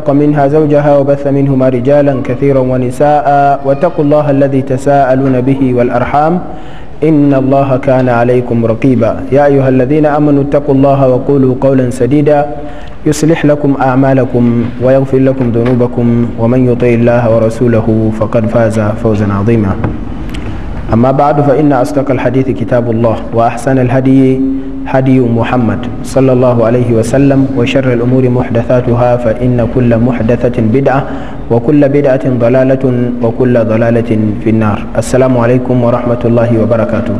خلق منها زوجها وبث منهما رجالا كثيرا ونساء واتقوا الله الذي تساءلون به والأرحام إن الله كان عليكم رقيبا يا أيها الذين آمنوا اتقوا الله وقولوا قولا سديدا يصلح لكم أعمالكم ويغفر لكم ذنوبكم ومن يطيع الله ورسوله فقد فاز فوزا عظيما أما بعد فإن أصدق الحديث كتاب الله وأحسن الهدي هدي محمد صلى الله عليه وسلم وشر الأمور محدثاتها فإن كل محدثة بدعة وكل بدعة ضلالة وكل ضلالة في النار السلام عليكم ورحمة الله وبركاته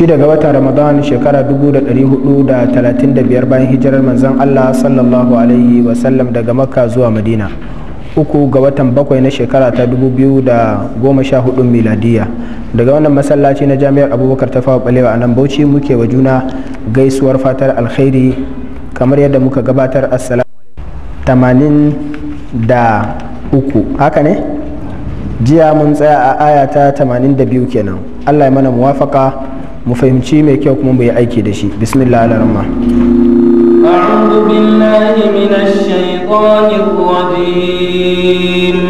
shida ga watan ramadan shekara 435 bayan hijirar manzon allah sallallahu alaihi wasallam daga makka zuwa madina uku ga watan bakwai na shekara ta 2014 miladiya daga wannan masallaci na jami'ar abubakar ta fawa balewa a nan bauchi muke wa juna gaisuwar fatar alkhairi kamar yadda muka gabatar assalamu tamanin uku haka ne jiya mun tsaya a aya ta 82 kenan allah ya mana muwafaka mu fahimci mai kyau kuma mu yi aiki da shi bismillah أعوذ بالله من الشيطان الرجيم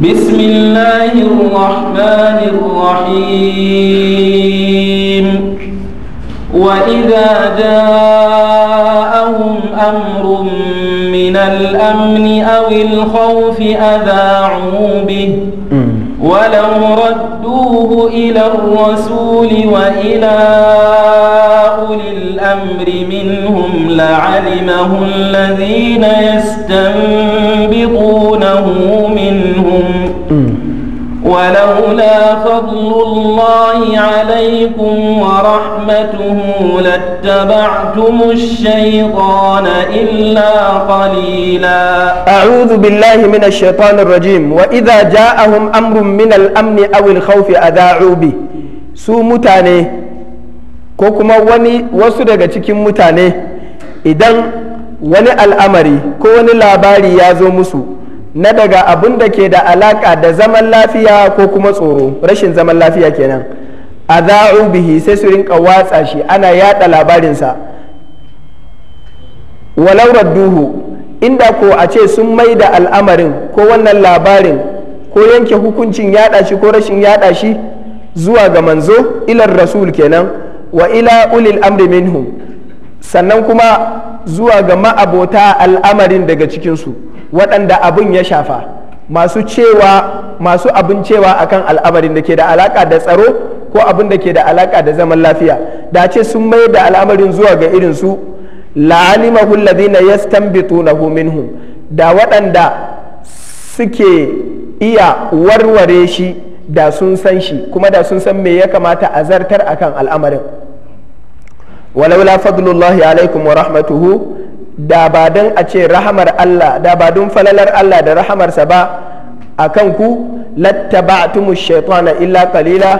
بسم الله الرحمن الرحيم وإذا جاءهم أمر من الأمن أو الخوف أذاعوا به ولو ردوه إلى الرسول وإلى أولي الأمر منهم لعلمه الذين يستنبطونه منهم ولولا فضل الله عليكم ورحمته لاتبعتم الشيطان إلا قليلا أعوذ بالله من الشيطان الرجيم وإذا جاءهم أمر من الأمن أو الخوف أذاعوا به سو متاني ko kuma wani wasu daga cikin mutane idan wani al'amari ko wani labari ya zo musu na daga abin da ke da alaka da zaman lafiya ko kuma tsoro rashin zaman lafiya kenan a za'u bihi sai su rinka watsa shi ana yada labarinsa walau duhu inda ko a ce sun mai da al'amarin ko wannan labarin ko yanke hukuncin yada shi ko rashin yada shi zuwa ga manzo ilar rasul kenan wa ila ulil amri minhum sannan kuma zuwa ga ma'abota al'amarin daga cikinsu waɗanda abin ya shafa masu cewa masu abin cewa akan al'amarin da ke da alaka da tsaro ko abin da ke da alaka da zaman lafiya da ce sun mai da al'amarin zuwa ga irinsu la'alimahu alladhina yastanbitunahu minhum da waɗanda suke iya warware shi da sun san shi kuma da sun san me ya kamata a zartar akan al'amarin walaula fadlullahi alaikum wa rahmatuhu da ba don a ce rahamar Allah da ba don falalar Allah da rahamarsa ba a kan ku lattaba'tumu shaitana illa kalila.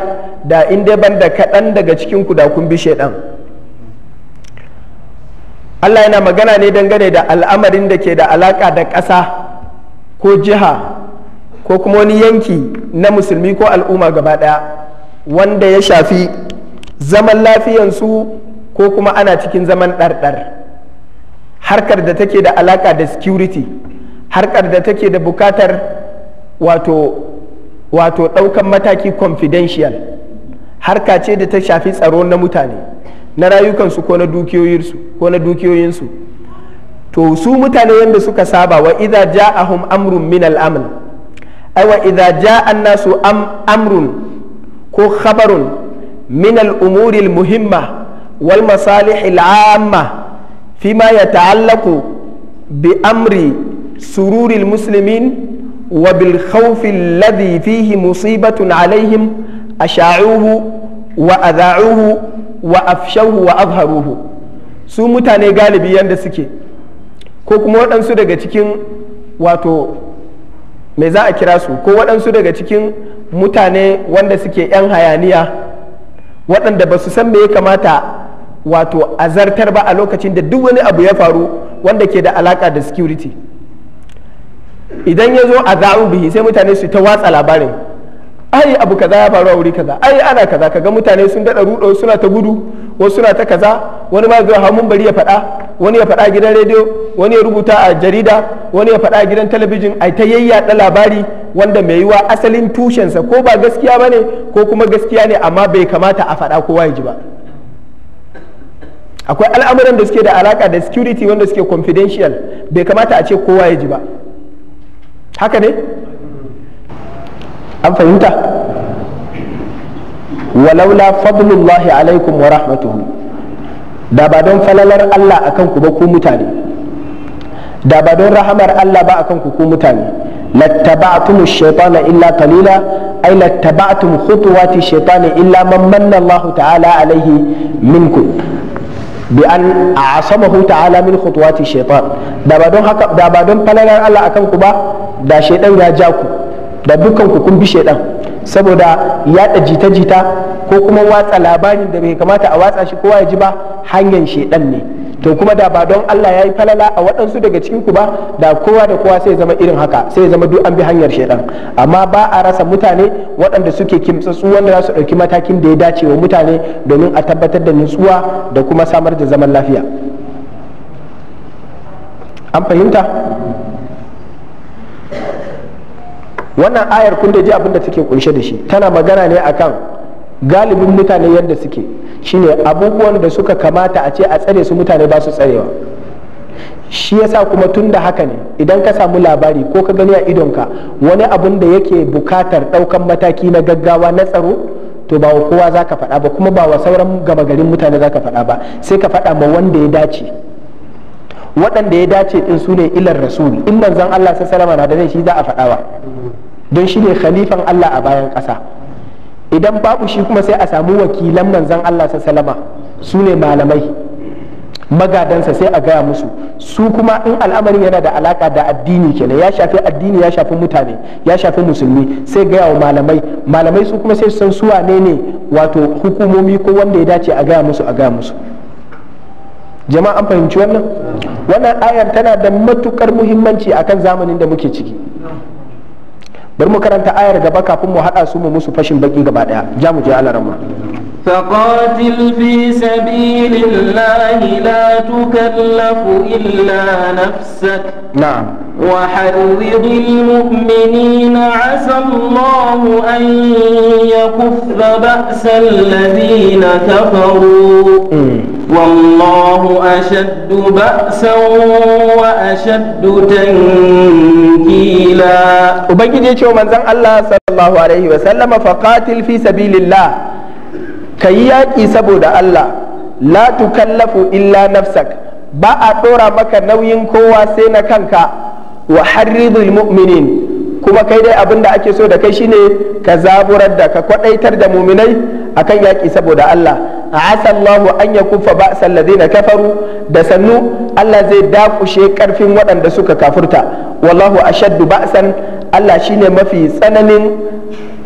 da in dai da kaɗan daga cikin ku da kun bi shaidan Allah yana magana ne dangane da al'amarin da ke da alaƙa da ƙasa ko jiha ko kuma wani yanki na musulmi ko al'umma gaba ɗaya wanda ya shafi zaman lafiyansu ko kuma ana cikin zaman ɗarɗar harkar da take da alaƙa da security harkar da take da bukatar wato wato ɗaukan mataki confidential harka ce da ta shafi tsaro na mutane na rayukansu ko na dukiyoyinsu ko na dukiyoyinsu to su mutane yadda suka saba wa idza ja'ahum amrun min al aiwa idza jaa an-nasu amrun ko khabarun min al-umuri al-muhimma wal masalih al-amma ma yata'allaqu bi amri sururi al-muslimin wa bil khawf alladhi fihi musibatun alaihim asha'uhu wa adha'uhu wa afshahu wa adharuhu su mutane galibi yanda suke ko kuma waɗansu daga cikin wato me za a kira su ko waɗansu daga cikin mutane wanda suke 'yan hayaniya waɗanda ba su san me ya kamata wato azartar ba a lokacin da duk wani abu ya faru wanda ke da alaka da security idan ya zo a bihi sai mutane su ta watsa labarin ai abu kaza ya faru a wuri kaza ai ana kaza kaga mutane sun daɗa rudo suna ta gudu wasu suna ta kaza wani ma zuwa hamun bari ya faɗa wani ya faɗa a gidan rediyo wani ya rubuta a jarida wani ya faɗa a gidan talabijin a ta yayyaɗa labari wanda mai yiwa asalin tushensa ko ba gaskiya ba ne ko kuma gaskiya ne amma bai kamata a faɗa kowa ya ji ba akwai al'amuran da suke da alaka da security wanda suke confidential bai kamata a ce kowa ya ji ba haka ne an fahimta walaula fadlullahi alaikum wa rahmatuhu da ba don falalar Allah a kanku ba ku mutane da ba don rahamar Allah ba a kanku ku mutane lattaba'tum ash-shaytana illa qalila ay lattaba'tum khutuwati ash-shaytani illa man manna Allah ta'ala alayhi minkum bi an a'asamahu ta'ala min khutuwati shaytan da ba don haka da ba don falalar Allah akan ku ba da shaytan ya ja ku da dukkan ku kun bi shaidan saboda yaɗa jita-jita ko kuma watsa labarin da bai kamata a watsa shi kowa ya ji ba hanyar shaidan ne to kuma da ba don Allah ya yi falala a waɗansu daga cikin ku ba da kowa da kowa sai zama irin haka sai zama duk an bi hanyar shaidan amma ba a rasa mutane waɗanda suke kimtsatsu wanda za su ɗauki matakin da ya dace wa mutane domin a tabbatar da nutsuwa da kuma samar da zaman lafiya an fahimta wannan ayar kun da ji abin da take kunshe da shi tana magana ne akan galibin mutane yadda suke shine abubuwan da suka kamata a ce a tsare su mutane ba su tsarewa shi yasa kuma tun da haka ne idan ka samu labari ko ka gani a idonka wani abun da yake bukatar daukan mataki na gaggawa na tsaro to ba wa kowa za faɗa ba kuma ba wa sauran gama garin mutane zaka ka faɗa ba sai ka faɗa ma wanda ya dace waɗanda ya dace din su ne ilar rasul in manzon Allah sallallahu alaihi na da shi za a faɗa faɗawa don shi ne khalifan Allah a bayan ƙasa idan babu shi kuma sai a samu wakilan manzan Allah salama su ne malamai magadansa sai a gaya musu su kuma in al'amarin yana da alaka da addini kenan ya shafi addini ya shafi mutane ya shafi musulmi sai gaya wa malamai malamai su kuma sai san suwa ne ne wato hukumomi ko wanda ya dace a gaya musu a gaya musu jama'a an fahimci wannan wannan ayar tana da matukar muhimmanci akan zamanin da muke ciki bari mu karanta ayar gaba kafin mu hada su mu musu fashin baki gaba daya ja mu je ala ramma faqatil fi sabilillahi la tukallafu illa nafsak na'am wa haridil mu'minina 'asa Allah an yakuffa ba'sa alladhina kafaru mm. والله أشد بأسا وأشد تنكيلا وبنجي يشوف من زن الله صلى الله عليه وسلم فقاتل في سبيل الله كياك يسبو الله لا تكلف إلا نفسك ba a ɗora maka nauyin kowa sai na kanka wa harridul mu'minin kuma kai dai abin da ake so da kai shine ka zaburar da ka kwadaitar da muminai akan yaƙi saboda Allah a Allah an yakufa ba'sal ladina kafaru da sannu Allah zai dakushe karfin waɗanda suka kafurta wallahu ashaddu ba'san Allah shine mafi tsananin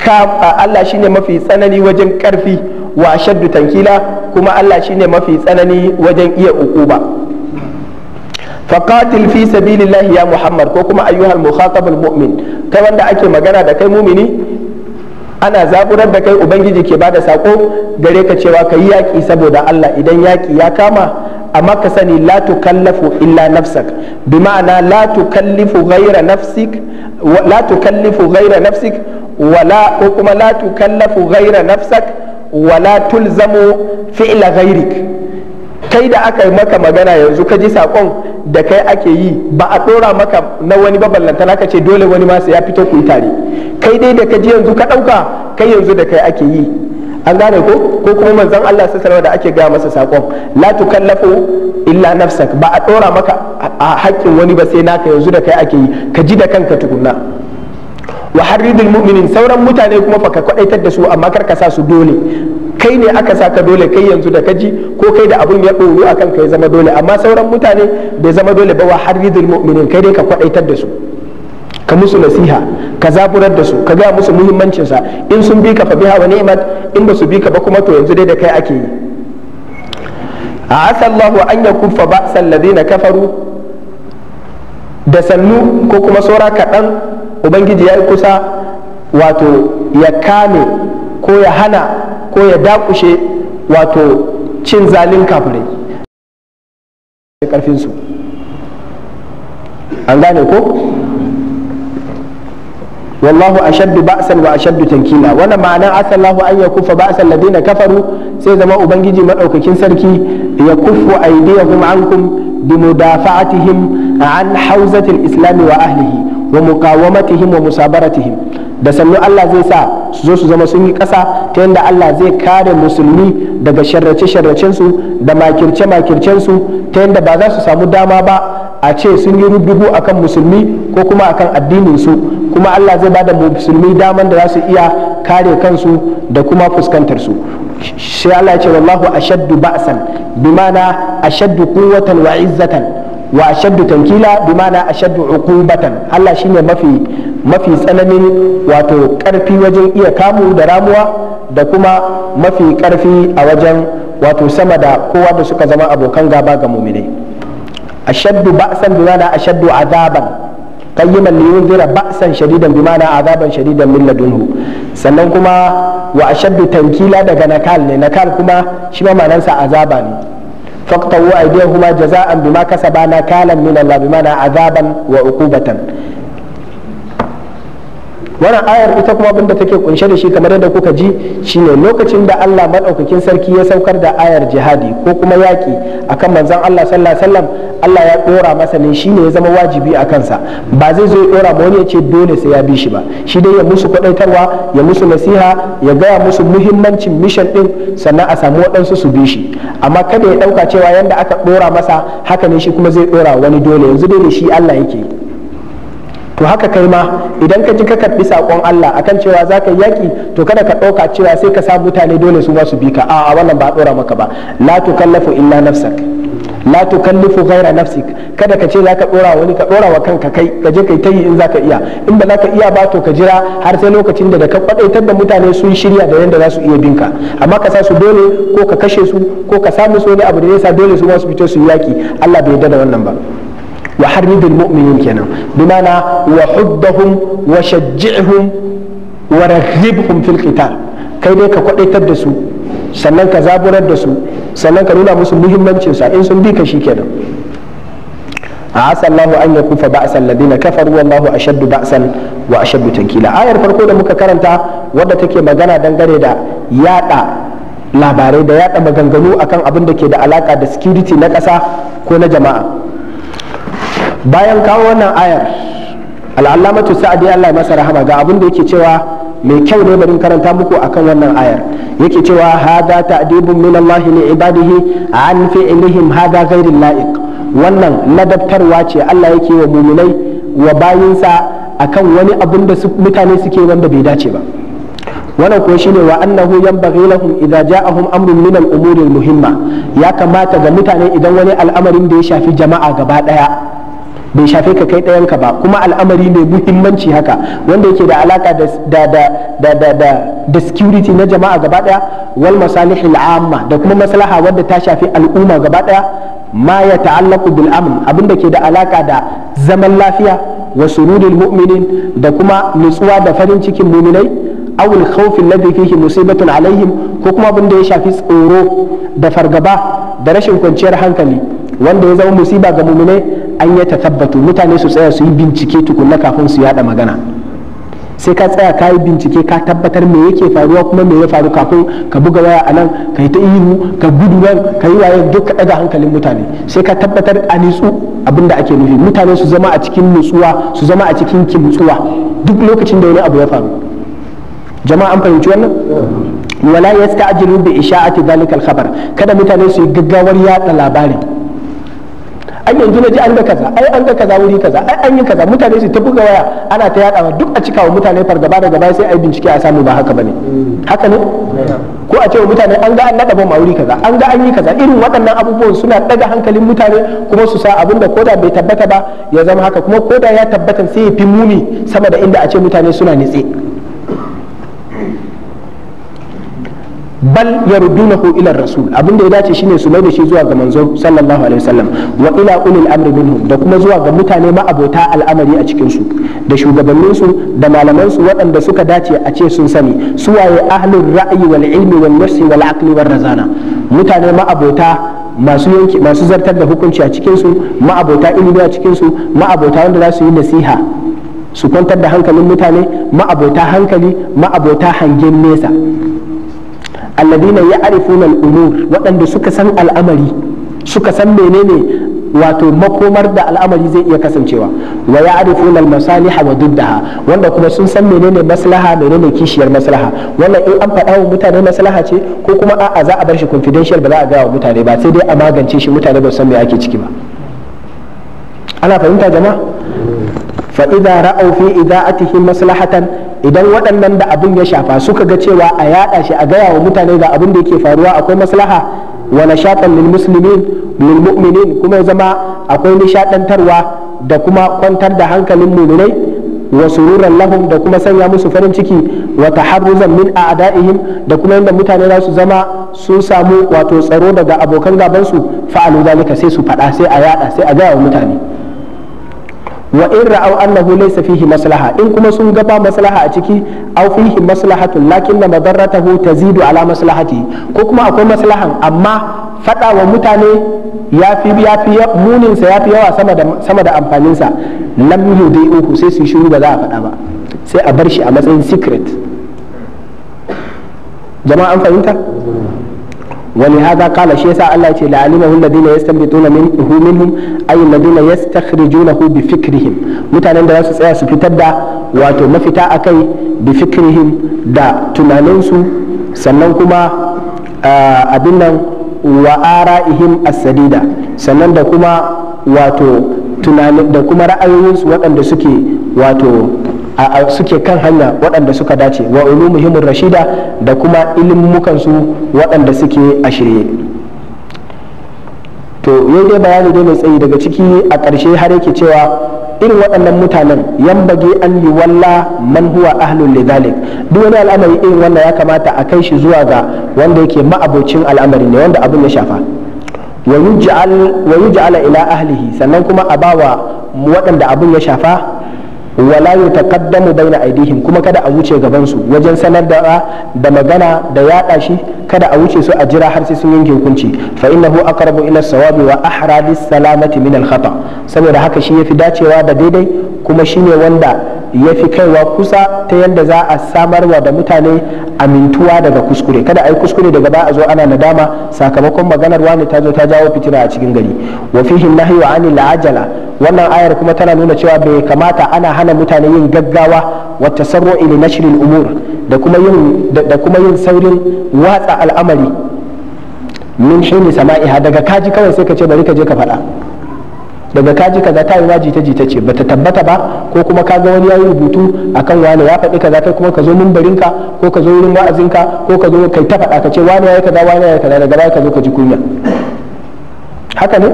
Allah shine mafi tsanani wajen ƙarfi, wa ashaddu tankila kuma Allah shine mafi tsanani wajen iya ukuba فقاتل في سبيل الله يا ko kuma ayyuhal mukhatabul mu'min kai wanda ake magana da kai mumini ana zaburar da kai ubangiji ke bada sako gare ka cewa ka yi yaƙi saboda Allah idan yaƙi ya kama amma ka sani la tukallafu illa nafsak bi ma'ana la tukallifu ghaira nafsik la tukallifu ghaira nafsik wala ko kuma la tukallafu ghaira nafsak wala tulzamu fi'la ghairik kai da aka yi maka magana yanzu ka ji sakon da kai ake yi ba a ɗora maka na wani baballanta ka ce dole wani masu ya fito ku tare kai dai da ka ji yanzu ka ɗauka kai yanzu da kai ake yi an gane ko ko kuma manzon Allah sallallahu da ake ga masa sakon la tukallafu illa nafsak ba a ɗora maka a haƙƙin wani ba sai naka yanzu da kai ake yi ka ji da kanka tukunna wa harridul mu'minin sauran mutane kuma fa ka kwadaitar da su amma kar ka sa su dole kai ne aka saka dole kai yanzu da kaji ko kai da abun ya ɗoru akan kai zama dole amma sauran mutane bai zama dole ba wa har ridul mu'minin kai dai ka kwaɗaitar da su ka musu nasiha ka zaburar da su ka gaya musu muhimmancin sa in sun bi ka fa biha wa ni'mat in ba su bi ka ba kuma to yanzu dai da kai ake yi a'asa Allahu an ba san ladina kafaru da sannu ko kuma saura kaɗan ubangiji ya yi kusa wato ya kame ko ya hana ko ya dakushe wato cin zalin kafirai da karfinsu an gane ko wallahu ashaddu ba'san wa ashaddu tankila wannan ma'ana asallahu an yakufa na ladina kafaru sai zama ubangiji madaukakin sarki ya kufu aydiyahum ankum bimudafa'atihim an hawzatil islami wa ahlihi wa muqawamatihim wa musabaratihim da sannu Allah zai sa su zo su zama sun yi ƙasa ta yadda Allah zai kare musulmi daga sharrace-sharracen su da makirce-makircen su ta yadda ba za su samu dama ba a ce sun yi rubugu akan musulmi ko kuma akan addinin su kuma Allah zai bada musulmi daman da za su iya kare kansu da kuma fuskantar su sai Allah ya ce wallahu ashaddu ba'san bimana ashaddu quwwatan wa izzatan wa ashaddu tankila bi ma'ana ashaddu uqubatan Allah shine mafi mafi tsananin wato karfi wajen iya kamu da ramuwa da kuma mafi karfi a wajen wato sama da kowa da suka zama abokan gaba ga mu'mine ashaddu ba'san bi ma'ana ashaddu azaban qayyiman li yunzira ba'san shadidan bi ma'ana azaban shadidan min ladunhu sannan kuma wa ashaddu tankila daga nakal ne nakal kuma shi ma ma'anarsa azaba ne فاقطعوا أيديهما جزاء بما كسبا نكالا من الله بمعنى عذابا وعقوبة wannan ayar ita kuma abinda take kunshe da shi kamar yadda kuka ji shine lokacin da Allah madaukakin sarki ya saukar da ayar jihadi ko kuma yaki akan manzon Allah sallallahu alaihi wasallam Allah ya dora masa ne shine ya zama wajibi a kansa ba zai zo ya dora ba wani ya ce dole sai ya bi shi ba shi dai ya musu kwadaitarwa ya musu nasiha ya gaya musu muhimmancin mission din sannan a samu waɗansu su bi shi amma kada ya ɗauka cewa yanda aka dora masa haka ne shi kuma zai dora wani dole yanzu dai da shi Allah yake to haka kai ma idan ka ji ka karbi sakon Allah akan cewa za ka yaƙi to kada ka ɗauka cewa sai ka sa mutane dole su ba su bi ka a wannan ba a ɗora maka ba la kallafu illa nafsak la tukallifu ghaira nafsik kada ka ce za ka ɗora wani ka ɗora wa kanka kai ka je kai ta yi in za ka iya in ba za ka iya ba to ka jira har sai lokacin da da ka kwadaitar da mutane sun shirya da yadda za su iya binka amma ka sa su dole ko ka kashe su ko ka sami su wani abu da zai sa dole su ma su fito su yi yaƙi Allah bai yarda da wannan ba wa harridul mu'minin kenan bimana wa huddahum wa shajji'hum wa raghibhum fil qital kai dai ka kwadaitar da su sannan ka zaburar da su sannan ka nuna musu muhimmancin in sun bi ka shikenan asa Allahu an yakufa ba'sal ladina kafaru wallahu ashaddu ba'san wa ashaddu tankila ayar farko da muka karanta wadda take magana dangane da yada labarai da yada maganganu akan abin da ke da alaka da security na ƙasa ko na jama'a bayan kawo wannan ayar al'allamatu sa'adi Allah masa rahama ga abin da yake cewa mai kyau ne barin karanta muku akan wannan ayar yake cewa hada ta'dibun min Allah li ibadihi an fi'lihim hada ghairil la'iq wannan ladabtarwa ce Allah yake wa muminai wa bayinsa akan wani abin da mutane suke wanda bai dace ba wannan ko shine wa annahu yanbaghi lahum idza ja'ahum amrun min al-umuri al-muhimma ya kamata ga mutane idan wani al'amarin da ya shafi jama'a gaba daya bai shafe ka kai ɗayanka ba kuma al'amari mai muhimmanci haka wanda yake da alaka da security na jama'a gaba ɗaya wal masalih al'amma da kuma maslaha wadda ta shafi al'umma gaba ɗaya ma ya ta'allaqu bil amn abinda ke da alaka da zaman lafiya wa sururil mu'minin da kuma nutsuwa da farin cikin muminai aw al khawf alladhi fihi musibatun alaihim ko kuma abin da ya shafi tsoro da fargaba da rashin kwanciyar hankali wanda ya zama musiba ga muminai an ya tathabbatu mutane su tsaya su yi bincike tukunna kafin su yada magana sai ka tsaya ka yi bincike ka tabbatar me yake faruwa kuma me ya faru kafin ka buga waya a nan ka yi ta ihu ka gudu nan ka yi waye duk ka daga hankalin mutane sai ka tabbatar a nitsu abin da ake nufi mutane su zama a cikin nutsuwa su zama a cikin kimtsuwa duk lokacin da wani abu ya faru jama'a fahimci wannan wala yasta'jilu bi isha'ati dhalika al-khabar kada mutane su yi gaggawar yada labarin an yanzu na ji an ga kaza ai an ga kaza wuri kaza ai an yi kaza mutane su ta buga waya ana ta yada duk a cika wa mutane fargaba da gaba sai ai bincike a samu ba haka bane haka ne ko a ce wa mutane an ga an nada bom a wuri kaza an ga an yi kaza irin waɗannan abubuwan suna daga hankalin mutane kuma su sa abinda koda bai tabbata ba ya zama haka kuma koda ya tabbata sai ya fi muni sama da inda a ce mutane suna nitse bal yardunahu ila rasul abin da ya dace shine su mai da shi zuwa ga manzo sallallahu alaihi wasallam wa ila ulil amri minhum da kuma zuwa ga mutane ma'abota al'amari a cikin su da shugabannin su da malaman su waɗanda suka dace a ce sun sani su waye ahlul ra'yi wal ilmi wal nafsi wal aqli wal razana mutane ma'abota masu yanki masu zartar da hukunci a cikin su ma'abota ilimi a cikin su ma'abota wanda za su yi nasiha su kwantar da hankalin mutane ma'abota hankali ma'abota hangen nesa alladina ya funal al'umur waɗanda suka san al'amari suka san menene wato makomar da al'amari zai iya kasancewa wa ya arifuna al-masaliha wa duddaha wanda kuma sun san menene maslaha menene kishiyar maslaha wannan in an faɗa wa mutane maslaha ce ko kuma a'a za a bar shi confidential ba za a gaya wa mutane ba sai dai a magance shi mutane ba san me ake ciki ba ana fahimta jama'a fa idza ra'aw fi ida'atihim maslahatan idan waɗannan da abin ya shafa suka ga cewa a yaɗa shi a gaya wa mutane da abin da yake faruwa akwai maslaha wa nashatan lil muslimin kuma ya zama akwai nishadantarwa da kuma kwantar da hankalin mu'minai wa sururan lahum da kuma sanya musu farin ciki wata wa taharruzan min a'da'ihim da kuma yadda mutane za su zama sun samu wato tsaro daga abokan gabansu su fa'alu zalika sai su faɗa sai a yaɗa sai a gaya wa mutane wa in ra'aw annahu laysa fihi maslaha in kuma sun ga ba maslaha a ciki aw fihi maslahatun lakinna madarratahu tazidu ala maslahati ko kuma akwai maslahan amma fada wa mutane ya yafi munin sa fi yawa sama da sama da amfanin sa lam yudaihu sai su shiru ba za a fada ba sai a bar shi a matsayin secret jama'a fahimta wani haza kala shi yasa Allah ce la'alima hun ladina yasta bi tuna min hu minhum ayi ladina yasta khirijuna hu bi fikrihim mutanen da zasu tsaya su fitar da wato mafita akai bi fikrihim da tunaninsu sannan kuma abin nan wa ara'ihim asadida sannan da kuma wato tunanin da kuma ra'ayoyinsu wadanda suke wato suke kan hanya waɗanda suka dace wa muhimmin rashida da kuma ilimukansu waɗanda suke a shirye to yau dai bayani dai mai tsayi daga ciki a ƙarshe har yake cewa irin waɗannan mutanen yan bage an yi walla man huwa ahlul lidalik duk wani al'amari irin wannan ya kamata a kai shi zuwa ga wanda yake ma'abocin al'amari ne wanda abin ya shafa wa yuj'al ila ahlihi sannan kuma a bawa waɗanda abin ya shafa wala yutaqaddamu baina aidihim kuma kada a wuce gaban su wajen sanar da da magana da yaɗa shi kada a wuce su a jira har sai sun yanke hukunci fa innahu aqrabu ila sawabi wa ahra lis salamati min al khata saboda haka shi yafi dacewa da daidai kuma shine wanda ya fi kaiwa kusa ta yadda za a samarwa da mutane amintuwa daga kuskure kada a yi kuskure daga ba a zo ana nadama sakamakon maganar wani ta zo ta jawo fitina a cikin gari wa fihi wa anil ajala wannan ayar kuma tana nuna cewa bai kamata ana hana mutane yin gaggawa wa tasarru'i li nashril umur da kuma yin da kuma yin saurin watsa al'amari min shine sama'iha daga kaji kawai sai ka ce bari ka je ka faɗa daga kaji kaza ta yi ma jita jita ce bata tabbata ba ko kuma ka ga wani yayi rubutu akan wani ya faɗi kaza kai kuma ka zo ka ko ka zo wurin wa'azinka ko ka zo kai ta faɗa ka ce wani yayi kaza wani yayi kaza daga baya ka zo ka ji kunya haka ne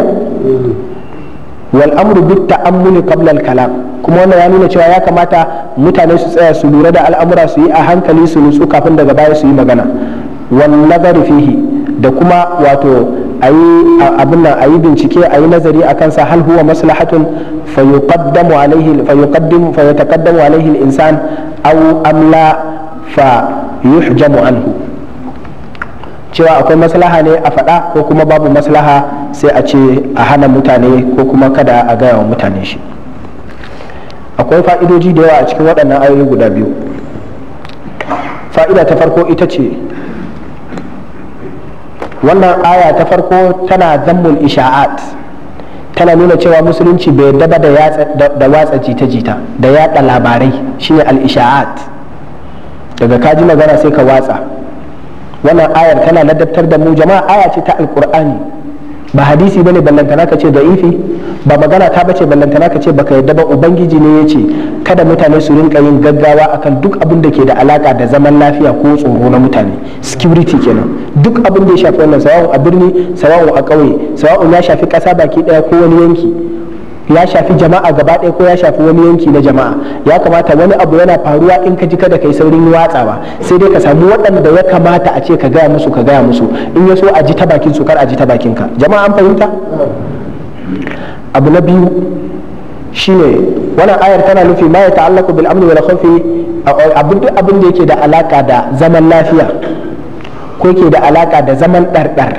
wal amru bit ta'ammuli qabla al kalam kuma wannan ya nuna cewa ya kamata mutane su tsaya su lura da al'amura su yi a hankali su nutsu kafin daga baya su yi magana wal nazari fihi da kuma wato ayi abin nan ayi bincike a yi nazari akan sa hal huwa maslahatun fa yuqaddamu alaihi fa yuqaddimu fa insan aw amla fa yuhjamu anhu cewa akwai maslaha ne a faɗa ko kuma babu maslaha sai a ce a hana mutane ko kuma kada a gaya wa mutane shi akwai fa'idoji da yawa a cikin waɗannan ayoyi guda biyu fa'ida ta farko ita ce wannan aya ta farko tana zammul isha'at tana nuna cewa musulunci bai daba da watsa jita-jita da yada labarai shine al-isha'at daga kaji magana sai ka watsa wannan ayar tana ladabtar da mu jama'a aya ce ta alkur'ani ba hadisi bane ballantana ka ce da ifi ba magana ta bace ballantana ka ce baka yadda ba ubangiji ne ya ce kada mutane su rinka yin gaggawa akan duk abin da ke da alaka da zaman lafiya ko tsoro na mutane security kenan duk abin da ya shafi wannan sawa'u a birni sawa'u a ƙauye sawa'u ya shafi ƙasa baki ɗaya ko wani yanki ya shafi jama'a gaba ɗaya ko ya shafi wani yanki na jama'a ya kamata wani abu yana faruwa in ka ji kada kai saurin watsawa sai dai ka samu waɗanda ya kamata a ce ka gaya musu ka gaya musu in ya so a ji ta bakin su kar a ji ta bakin ka jama'a an fahimta abu na biyu shine wannan ayar tana nufi ma ya ta'allaku bil amni wal khawfi abin duk abin da yake da alaka da zaman lafiya ko yake da alaka da zaman ɗarɗar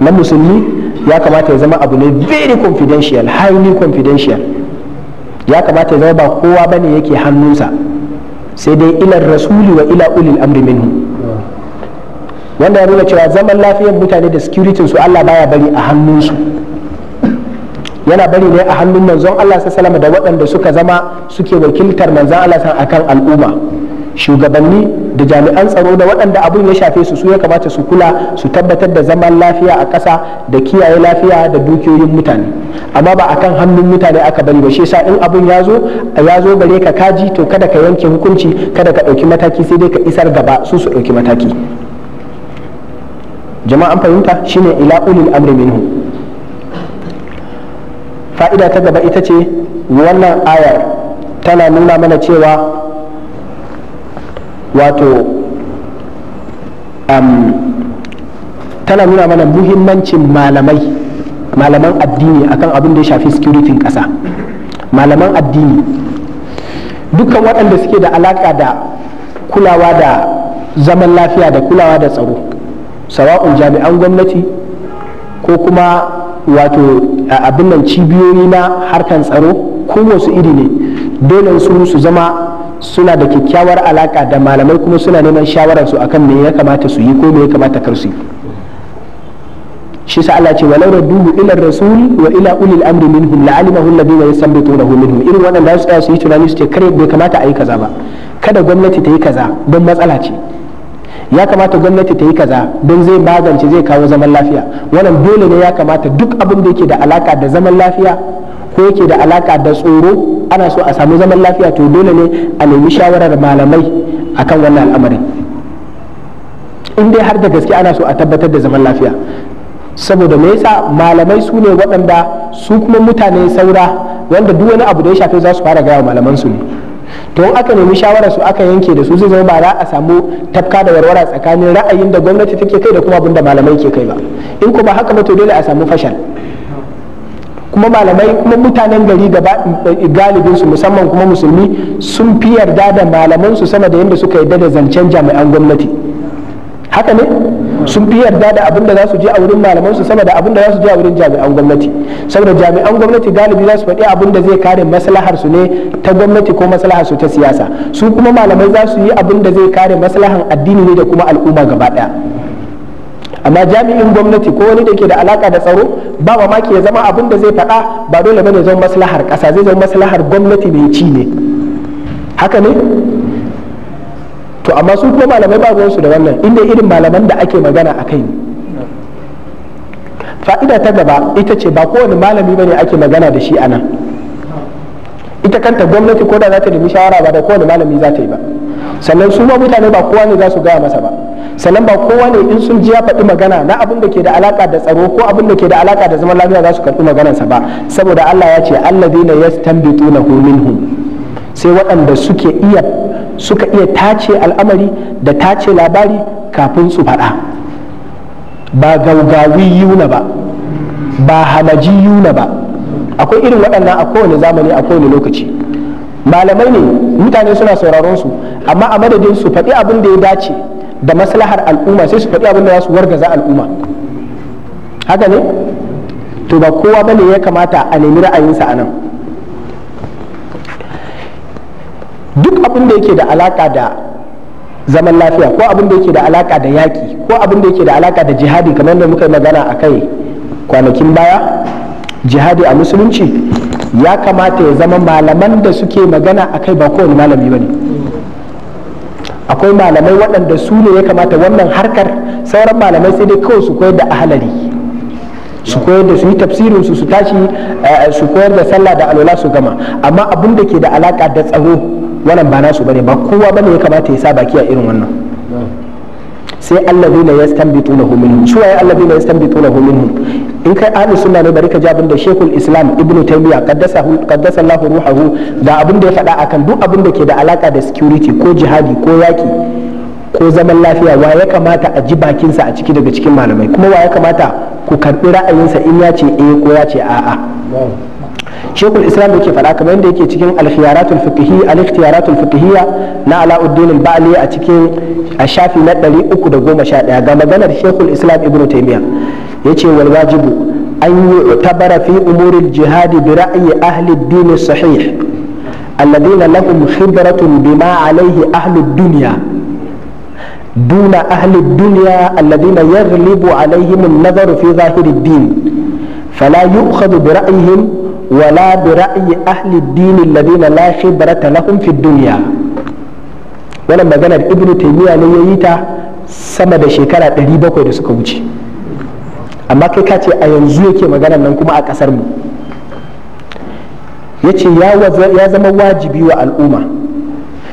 na musulmi ya kamata ya zama abu ne very confidential highly confidential ya kamata ya zama ba kowa bane yake hannunsa sai dai ilar rasuli wa ila ulil amri minhu wanda ya nuna cewa zaman lafiyar mutane da security su Allah baya bari a hannunsu yana bari ne a hannun manzon Allah salama da waɗanda suka zama suke wakiltar manzon Allah san akan al'umma shugabanni da jami'an tsaro da waɗanda abun ya shafe su su ya kamata su kula su tabbatar da zaman lafiya a ƙasa da kiyaye lafiya da dukiyoyin mutane amma ba akan hannun mutane aka bari ba shi yasa in abun ya zo ya zo gare ka kaji to kada ka yanke hukunci kada ka ɗauki mataki sai dai ka isar gaba su su ɗauki mataki jama'an fahimta shine ila ulil amri minhu fa'ida ta gaba ita ce wannan ayar tana nuna mana cewa wato tana nuna mana muhimmancin malamai malaman addini akan abin da ya shafi sikiritin ƙasa malaman addini dukkan waɗanda suke da alaƙa da kulawa da zaman lafiya da kulawa da tsaro sawa'un jami'an gwamnati ko kuma wato abin nan cibiyoyi na harkan tsaro ko wasu iri ne dole su su zama suna da kyakkyawar alaka da malamai kuma suna neman shawararsu akan me ya kamata su yi ko me ya kamata kar su yi shi sa Allah ce wa laura duhu ila rasul wa ila ulil amri minhum la'alimahu alladhina yastanbitunahu minhum irin da su tsaya su yi tunani su ce kare bai kamata a yi kaza ba kada gwamnati ta yi kaza don matsala ce ya kamata gwamnati ta yi kaza don zai magance zai kawo zaman lafiya wannan dole ne ya kamata duk abin da yake da alaka da zaman lafiya ko yake da alaka da tsoro ana so a samu zaman lafiya to dole ne a nemi shawarar malamai akan wannan al'amarin in dai har da gaske ana so a tabbatar da zaman lafiya saboda me yasa malamai su ne waɗanda su kuma mutane saura wanda duk wani abu da ya shafe za su fara gaya malaman su ne to in aka nemi shawarar su aka yanke da su zai zama ba za a samu tafka da warwara tsakanin ra'ayin da gwamnati take kai da kuma abin da malamai ke kai ba in ko ba haka ba to dole a samu fashal kuma malamai kuma mutanen gari gaba eh, galibin su musamman kuma musulmi sun fi yarda da malaman su sama da yadda suka yarda da zancen jami'an gwamnati haka ne sun fi yarda da abin da za su je a wurin malaman su sama da abin da za su je a wurin jami'an gwamnati saboda jami'an gwamnati galibi za su faɗi abin da zai kare maslahar su ne ta gwamnati ko maslahar su ta siyasa su kuma malamai za su yi abin da zai kare maslahar addini ne da kuma al'umma gaba ɗaya amma jami'in gwamnati ko wani da ke da alaka da tsaro ba ma ke zama abin da zai faɗa ba dole bane zama maslahar ƙasa zai zama maslahar gwamnati mai ci ne haka ne to amma su kuma malamai ba su da wannan inda irin malaman da ake magana a kai fa'ida ta gaba ita ce ba kowane malami bane ake magana da shi a nan ita kanta gwamnati ko da za ta nemi shawara ba da kowane malami za ta yi ba sannan su ma mutane ba kowa ne za su gaya masa ba sannan ba kowa ne in sun ji ya faɗi magana na abin da ke da alaka da tsaro ko abin da ke da alaka da zaman lafiya za su karɓi maganarsa ba saboda Allah ya ce Allah alladhina yastanbitunahu minhum sai waɗanda suke iya suka iya tace al'amari da tace labari kafin su faɗa ba gaugawi yuna ba ba hamaji yuna ba akwai irin waɗannan a kowane zamani a kowane lokaci malamai ne mutane suna sauraron su amma a madadin su faɗi abin da ya dace da maslahar al'umma sai su faɗi abin da za su wargaza al'umma haka ne to ba kowa bane ya kamata a nemi ra'ayinsa a nan duk abin da yake da alaka da zaman lafiya ko abin da yake da alaka da yaƙi ko abin da yake da alaka da jihadi kamar da muka yi magana a kai kwanakin baya jihadi a musulunci ya kamata ya zama malaman da suke magana a kai ba kowane malami ba ne akwai malamai waɗanda su ne ya kamata wannan harkar sauran malamai sai dai kawai su koyar da ahalari su koyar da su yi tafsirin su su tashi eh, su koyar da sallah da alwala su gama amma abin da ke da alaka da tsaro wannan ba nasu bane ba kowa bane ya kamata ya sa baki a irin wannan sai allazina yastanbitunahu minhum shi waye allazina yastanbitunahu minhum in kai ahli sunna ne bari ka ji da shekul islam ibnu taymiya qaddasa allah ruhahu da abin da ya faɗa akan duk abin da ke da alaka da security ko jihadi ko yaki ko zaman lafiya wa ya kamata a ji bakinsa a ciki daga cikin malamai kuma wa ya kamata ku karɓi ra'ayinsa in ya ce eh ko ya ce a'a shekul islam yake faɗa kamar yadda yake cikin alkhiyaratul fiqhi al fiqhiyya na alauddin al-ba'li a cikin a shafi na 311 ga maganar shekul islam ibnu taymiya yace wal wajibu an yu'tabara fi umuril jihad bi ra'yi ahli ad-din sahih alladhina lahum khibratun bima alayhi ahli ad-dunya دون أهل الدنيا الذين يغلب عليهم النظر في ظاهر الدين فلا يؤخذ برأيهم wala bi ra'yi ahli dini alladhina la khibrata lahum fi dunya wannan maganar ibnu taymiya ne yayi ta sama da shekara 700 da suka wuce amma kai ka ce a yanzu yake maganar nan kuma a kasar mu yace ya zama wajibi wa al'umma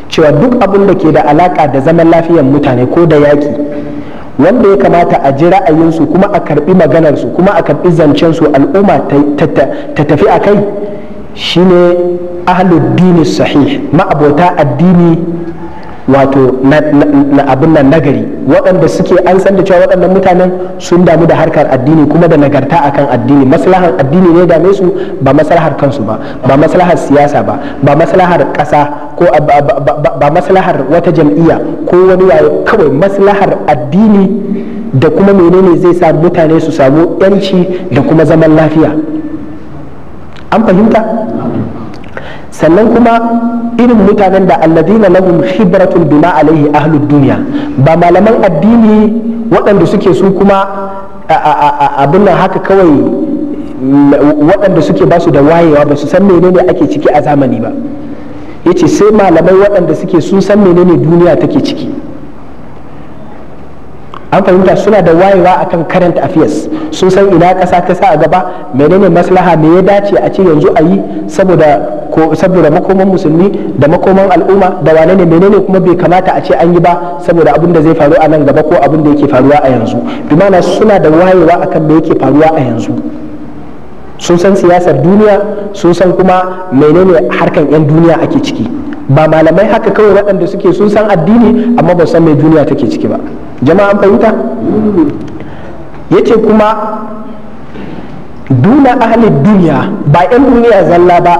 cewa duk abin da ke da alaƙa da zaman lafiyar mutane ko da yaƙi. wanda ya kamata a ji ra'ayinsu kuma a karbi maganarsu kuma a karbi zancensu al'umma ta tafi a kai shine dini sahih ma'abota addini wato na abin nan nagari waɗanda suke an san da cewa waɗannan mutanen sun damu da harkar addini kuma da nagarta akan addini maslahar addini ne dame su ba maslahar kansu ba ba maslahar siyasa ba ba maslahar ƙasa ko ba maslahar wata jam'iyya ko wani waye kawai maslahar addini da kuma menene zai sa mutane su samu yanci da kuma zaman lafiya an fahimta sannan kuma irin mutanen da alladina lahum khibratun bima alaihi ahlud duniya ba malaman addini waɗanda suke su kuma abin nan haka kawai waɗanda suke basu da wayewa ba su san menene ake ciki a zamani ba yace sai malamai waɗanda suke sun san menene duniya take ciki an fahimta suna da wayewa akan current affairs sun san ina ƙasa ta sa a gaba menene maslaha me ya dace a ce yanzu a yi saboda makoman musulmi da makoman al'umma da wane ne menene kuma bai kamata a ce an yi ba saboda abin da zai faru a nan gaba ko abin da yake faruwa a yanzu bimana suna da wayewa akan me yake faruwa a yanzu sun san siyasar duniya sun san kuma menene harkan 'yan duniya ake ciki ba malamai haka kawai waɗanda suke sun san addini amma ba san mai duniya take ciki ba jama'a an fahimta yace kuma duna ahli duniya ba 'yan duniya zalla ba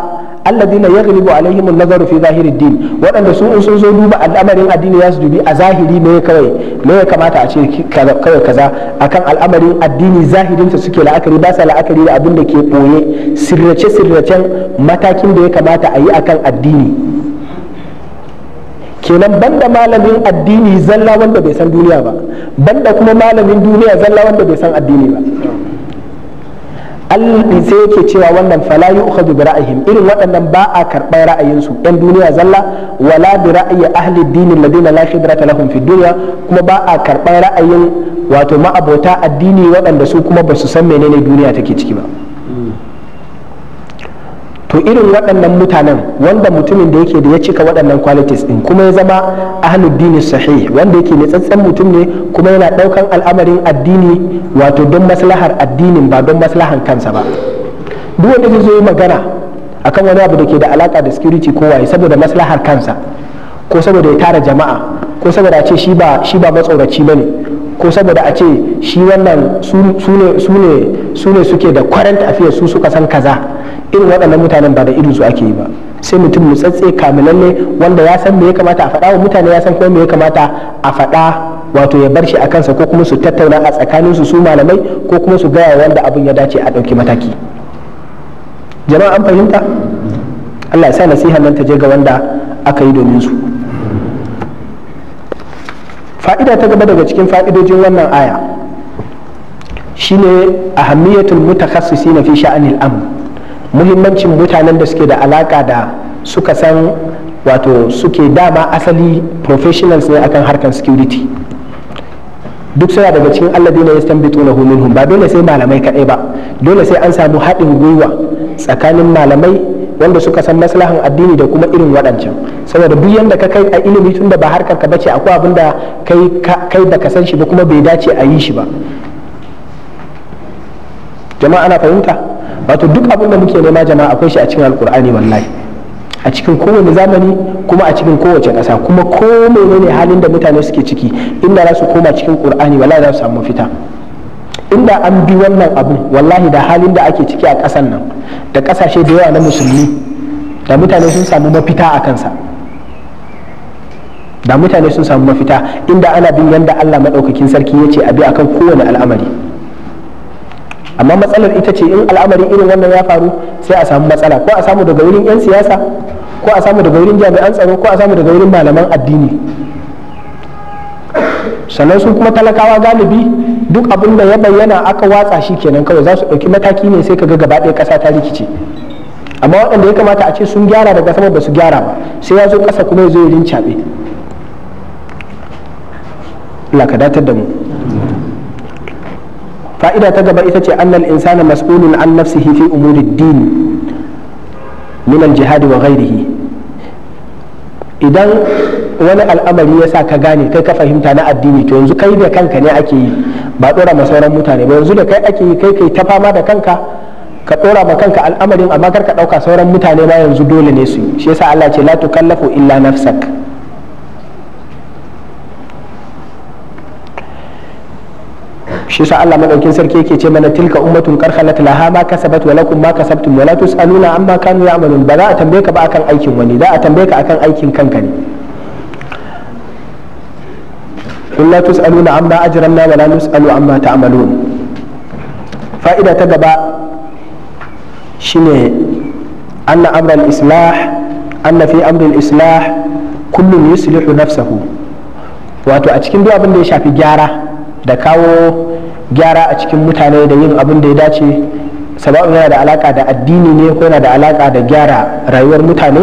alladina yaghlibu alaihim an-nazar fi zahiri din waɗanda su in sun zo duba al'amarin addini ya su dubi a zahiri ne kawai me ya kamata a ce kawai kaza akan al'amarin addini zahirin ta suke la'akari ba sa la'akari da abin da ke koye sirrace sirracen matakin da ya kamata a yi akan addini kenan banda malamin addini zalla wanda bai san duniya ba banda kuma malamin duniya zalla wanda bai san addini ba Allah sai yake cewa wannan falayu uku bi ra'ayin irin waɗannan ba a karɓar ra'ayinsu ɗan duniya zalla wala da ra'ayi ahli dinin ladina alladhina la khibrata lahum fi dunya kuma ba a karɓar ra'ayin wato ma'abota addini waɗanda su kuma ba su san menene duniya take ciki ba to irin waɗannan mutanen wanda mutumin da yake da ya cika waɗannan qualities din kuma ya zama ahlud dinin sahih wanda yake tsatsen mutum ne kuma yana ɗaukan al'amarin addini wato don maslahar addinin ba don maslahar kansa ba duk wanda zai zo yi magana akan wani abu da ke da alaka da security ko waye saboda maslahar kansa ko saboda ya tara jama'a ko saboda ce shi ba shi ba matsoraci bane ko saboda a ce shi wannan su ne suke da a fiye su suka san kaza irin waɗannan mutanen ba da irin su ake yi ba sai mutum mutsatse kamilalle wanda ya san me ya kamata a faɗa wa mutane ya san kuma me ya kamata a faɗa wato ya bar shi a kansa ko kuma su tattauna a tsakaninsu su malamai ko kuma su gaya wanda abin ya dace a ɗauki mataki jama'a an fahimta allah ya sa nasiha nan ta je ga wanda aka yi domin su fa'ida ta gaba daga cikin fa'idojin wannan aya shine ahammiyatul na fi sha'anil am muhimmancin mutanen da suke da alaka da suka san wato suke dama asali professionals ne akan harkar security duk suna daga cikin alladina yastanbituna minhum ba dole sai malamai kadai ba dole sai an samu haɗin gwiwa tsakanin malamai wanda suka san maslahan addini da kuma irin waɗancan saboda duk yanda ka kai a ilimi tun da ba harkar ka bace akwai abin da kai ba ka san shi ba kuma bai dace a yi shi ba jama'a ana fahimta wato duk abin da muke nema jama'a akwai shi a cikin alkur'ani wallahi a cikin kowane zamani kuma a cikin kowace ƙasa kuma ko menene halin da mutane suke ciki inda za su koma cikin qur'ani wallahi za su samu fita inda an bi wannan abu wallahi da halin da ake ciki a ƙasan nan da ƙasashe da yawa na musulmi da mutane sun samu mafita a kansa da mutane sun samu mafita inda ana bin yadda Allah maɗaukakin sarki ya ce abi akan kowane al'amari amma matsalar ita ce in al'amari irin wannan ya faru sai a samu matsala ko a samu daga wurin 'yan siyasa ko a samu daga wurin jami'an tsaro ko a samu daga wurin malaman addini sannan su kuma talakawa galibi duk abin da ya bayyana aka watsa shi kenan kawai za su ɗauki mataki ne sai ka ga gaba ɗaya ƙasa ta rikice amma waɗanda ya kamata a ce sun gyara daga sama ba su gyara ba sai ya zo ƙasa kuma ya zo ya rincaɓe Allah ka datar da mu fa'ida ta gaba ita ce annal insana mas'ulun an nafsihi fi umuri din min al-jihad wa ghairihi idan wani al'amari ya sa ka gane kai ka fahimta na addini to yanzu kai da kanka ne ake yi ba dora ma sauran mutane ba yanzu da kai ake yi kai kai ta fama da kanka ka dora ma kanka al'amarin amma kar ka dauka sauran mutane ma yanzu dole ne su yi shi yasa Allah ce la tukallafu illa nafsaka shi yasa Allah madaukin sarki yake ce mana tilka ummatun qarhalat laha ma kasabat wa lakum ma kasabtum wa la tusaluna amma kanu ya'malun ba za a tambaye ka ba akan aikin wani za a tambaye ka akan aikin kanka ne قل لا تسألون عما أجرمنا ولا نسأل عما تعملون فإذا تجب شنو أن أمر الإصلاح أن في أمر الإصلاح كل يصلح نفسه wato a cikin duk abin da ya shafi gyara da kawo gyara a cikin mutane da yin abin da ya dace sababin yana da alaka da addini ne ko yana da alaka da gyara rayuwar mutane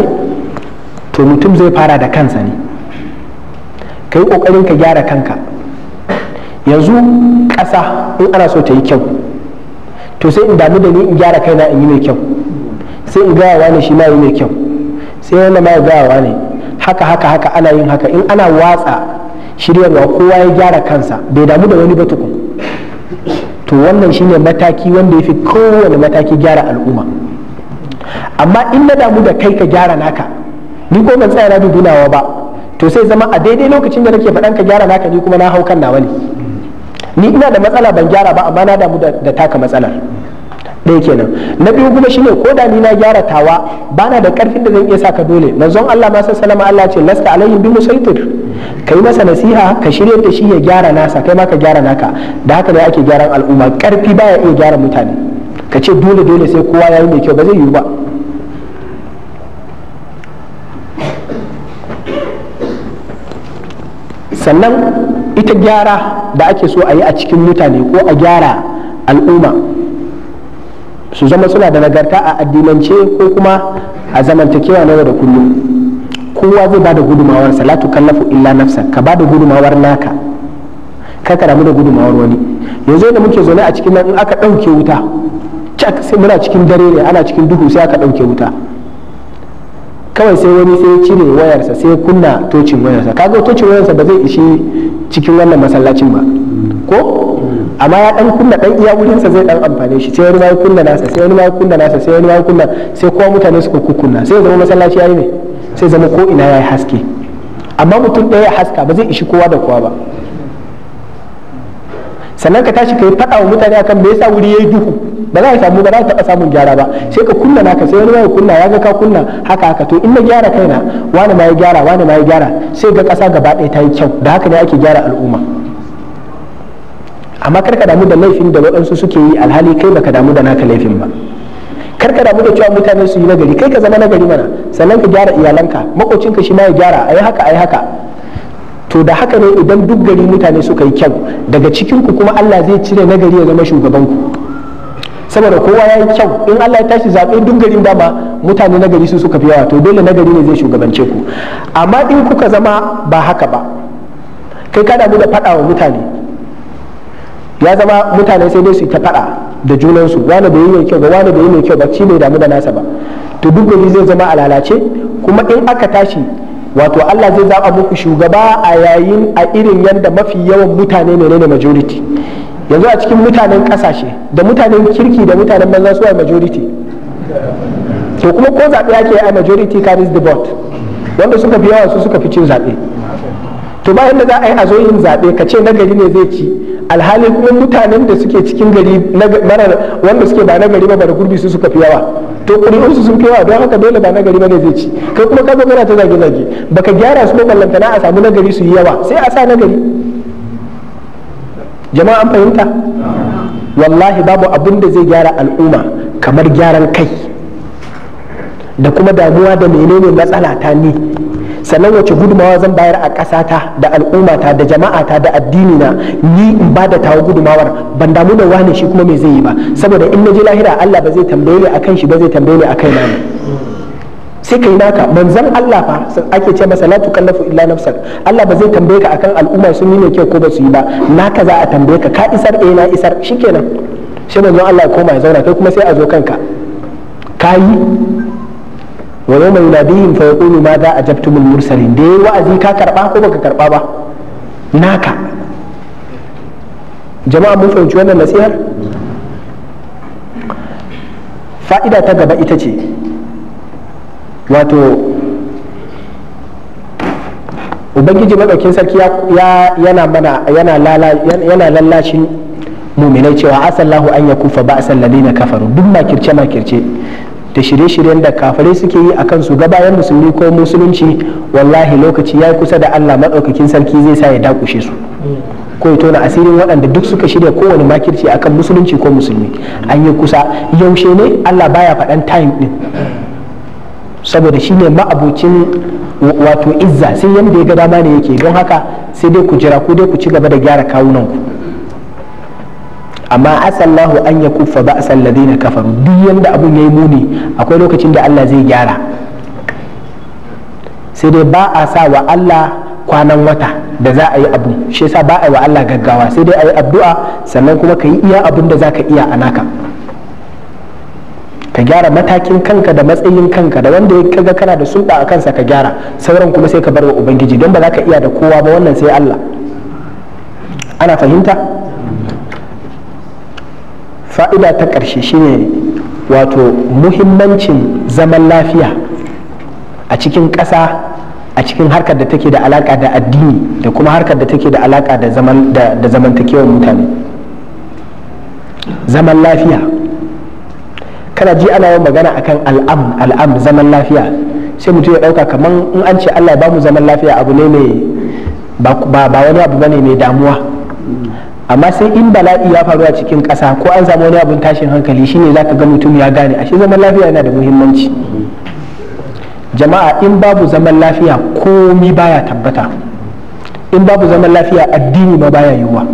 to mutum zai fara da kansa ne ka yi ƙoƙarin ka gyara kanka yanzu ƙasa in ana so ta yi kyau to sai in damu da ni in gyara na in yi mai kyau sai in gayawa ne shi ma yi mai kyau sai wanda ma gayawa ne haka haka haka ana yin haka in ana watsa shiryarwa kowa ya gyara kansa bai damu da wani ba tukun to wannan shine mataki wanda ya fi kowane mataki gyara al'umma amma in na damu da kai ka gyara naka ni ko ban tsaya na dudunawa ba to sai zama a daidai lokacin da nake faɗan ka gyara naka ni kuma na hau kan nawa ne ni ina da matsala ban gyara ba amma na damu da taka matsalar ɗaya kenan na biyu kuma shine ko da ni na gyara tawa bana da karfin da zan iya saka dole manzon Allah ma sai salama Allah ce lasta alayhi bi musaitir kai masa nasiha ka shirye da shi ya gyara nasa kai ma ka gyara naka da haka ne ake gyaran al'umma karfi baya iya gyara mutane ka ce dole dole sai kowa ya yi mai kyau ba zai yiwu ba sannan ita gyara da ake so a yi a cikin mutane ko a gyara al'umma su zama suna da nagarta a addinance ko kuma a zamantakewa na yau da kullum kowa zai bada gudumawar salatu kallafu illa nafsa ka bada gudumawar naka kar ka damu da gudumawar wani yanzu da muke zaune a cikin nan in aka ɗauke wuta cak sai muna cikin dare ne ana cikin duhu sai aka ɗauke wuta kawai sai wani sai cire wayarsa sai kunna tocin wayarsa kaga tocin wayarsa ba zai ishe cikin wannan masallacin ba ko amma ya dan kunna dan iya wurinsa zai dan amfane shi sai wani ma kunna nasa sai wani ma kunna nasa sai wani ma kunna sai kowa mutane suka kunna sai zama masallaci yayi ne sai zama ko ina yayi haske amma mutum ɗaya ya haska ba zai ishi kowa da kowa ba sannan ka tashi ka yi faɗawa wa mutane akan me yasa wuri yayi duhu ba za ka samu ba za ka taɓa samun gyara ba sai ka kunna naka sai wani ma kunna ya ga ka kunna haka haka to in na gyara kaina wani ma ya gyara wani ma ya gyara sai ga kasa gaba ɗaya ta yi kyau da haka ne ake gyara al'umma amma kar ka damu da laifin da waɗansu suke yi alhali kai baka damu da naka laifin ba kar ka damu da cewa mutane su yi nagari kai ka zama nagari mana sannan ka gyara iyalanka makocinka shi ma ya gyara ayi haka ayi haka to da haka ne idan duk gari mutane suka yi kyau daga cikin ku kuma Allah zai cire nagari ya zama shugaban ku saboda kowa ya yi kyau in Allah ya tashi zaɓe duk garin dama mutane nagari su suka fi yawa to dole nagari ne zai shugabance ku amma in kuka zama ba haka ba kai ka damu da faɗa wa mutane ya zama mutane sai dai su ta faɗa da junansu wani da yi mai kyau ga wani bai yi mai kyau ba shi bai damu da nasa ba to duk gari zai zama a lalace kuma in aka tashi wato Allah zai zaba muku shugaba a yayin a irin yadda mafi yawan mutane ne ne majority yanzu a cikin mutanen kasashe da mutanen kirki da mutanen banza su majority to kuma ko zaɓe ake a majority carries the vote wanda suka fi yawa su suka fi cin zaɓe to bayan da za a yi a zo yin zaɓe ka ce nagari ne zai ci alhali kuma mutanen da suke cikin gari wanda suke ba na gari ba da gurbi su suka fi yawa to ƙuri'unsu sun fi yawa don haka dole ba na gari ba ne zai ci kai kuma ka zo ta zage zage baka gyara su ba ballantana a samu na su yi yawa sai a sa na jama'a an fahimta wallahi babu abin da zai gyara al'umma kamar gyaran kai da kuma damuwa da menene matsala ta ni sannan wace gudumawa zan bayar a ƙasata da al'ummata da jama'ata da addini na ni in ba da tawo gudumawar ban damu da wani shi kuma me zai yi ba saboda in je lahira Allah ba zai tambaye ni akan shi ba zai tambaye ni akan na sai kai naka manzon Allah fa ake ce masa la tukallafu illa nafsak Allah ba zai tambaye ka akan al'umma sun yi ne kyau ko ba su yi ba naka za a tambaye ka ka isar eh na isar shikenan sai manzon Allah ya koma ya zauna kai kuma sai a zo kanka kayi wa yawma yunadihim fa yaqulu ma a ajabtumul mursalin da yayi wa'azi ka karba ko baka karba ba naka jama'a mun fahimci wannan nasihar fa'ida ta gaba ita ce wato ubangiji madaukin sarki yana mana yana lallashin muminai cewa asallahu an ya kufa ba asal na kafaru duk makirce makirce da shirye-shiryen da kafirai suke yi akan su bayan musulmi ko musulunci wallahi lokaci ya kusa da Allah maɗaukakin sarki zai sa ya dakushe su ko ya tona asirin waɗanda duk suka shirya kowane makirci akan musulunci ko musulmi an yi kusa yaushe ne Allah baya faɗan time ɗin saboda shi ne ma'abocin wato izza sai yadda ya ga dama ne yake don haka sai dai ku jira ku dai ku ci gaba da gyara kawunan ku amma asallahu an ya kufa ba asal na kafaru duk yanda abun yi muni akwai lokacin da Allah zai gyara sai dai ba a sa wa Allah kwanan wata da za a yi abu shi sa ba a yi wa Allah gaggawa sai dai a yi addu'a sannan kuma ka yi iya abun da za ka iya a naka ka gyara matakin kanka da matsayin kanka da wanda ya kaga kana da sulɗa a kansa ka gyara sauran kuma sai ka bar wa ubangiji don ba za ka iya da kowa ba wannan sai Allah ana fahimta fa'ida ta ƙarshe shine wato muhimmancin zaman lafiya a cikin ƙasa a cikin harkar da take da alaƙa da addini da kuma harkar da take da alaƙa da zamantakewar mutane zaman lafiya kana ji ana yin magana akan al'am al'am zaman lafiya sai mutum ya ɗauka kamar in an ce allah ba mu zaman lafiya abu ne mai ba wani abu bane mai damuwa amma sai in bala'i ya faru a cikin kasa ko an samu wani abin tashin hankali shine za ka ga mutum ya gane ashe zaman lafiya yana da muhimmanci jama'a in babu zaman lafiya komi baya tabbata in babu zaman lafiya addini ma baya yiwuwa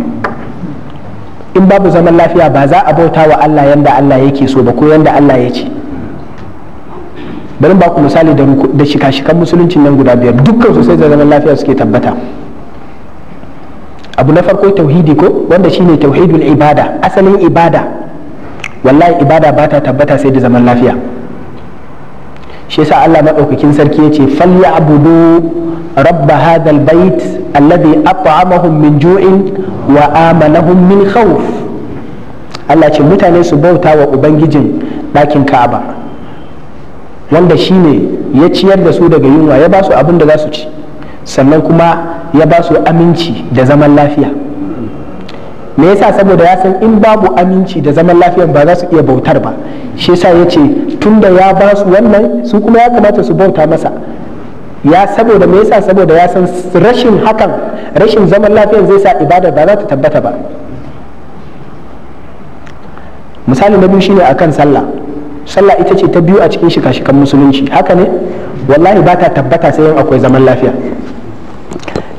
in babu zaman lafiya ba za a bauta wa Allah yanda Allah yake so ba ko yanda Allah ya ce bari ba ku misali da shika-shikan musuluncin nan guda biyar dukkan su sai da zaman lafiya suke tabbata abu na farko tauhidi ko wanda shine tauhidul ibada asalin ibada wallahi ibada ba ta tabbata sai da zaman lafiya shi yasa Allah madaukakin sarki yace falyabudu rabb hadha albayt alladhi at'amahum min ju'in wa amanahum min khawf Allah ce mutane su bauta wa ubangijin ɗakin Ka'aba wanda shine ya ciyar da su daga yunwa ya ba su abin da za su ci sannan kuma ya ba su aminci da zaman lafiya me yasa saboda ya san in babu aminci da zaman lafiya ba za su iya bautar ba shi yasa ya ce tunda ya ba su wannan su kuma ya kamata su bauta masa ya saboda me yasa saboda ya san rashin hakan rashin zaman lafiyan zai sa ibada ba za ta tabbata ba misali na biyu shine akan sallah sallah ita ce ta biyu a cikin shika-shikan musulunci haka ne wallahi ba ta tabbata sai yin akwai zaman lafiya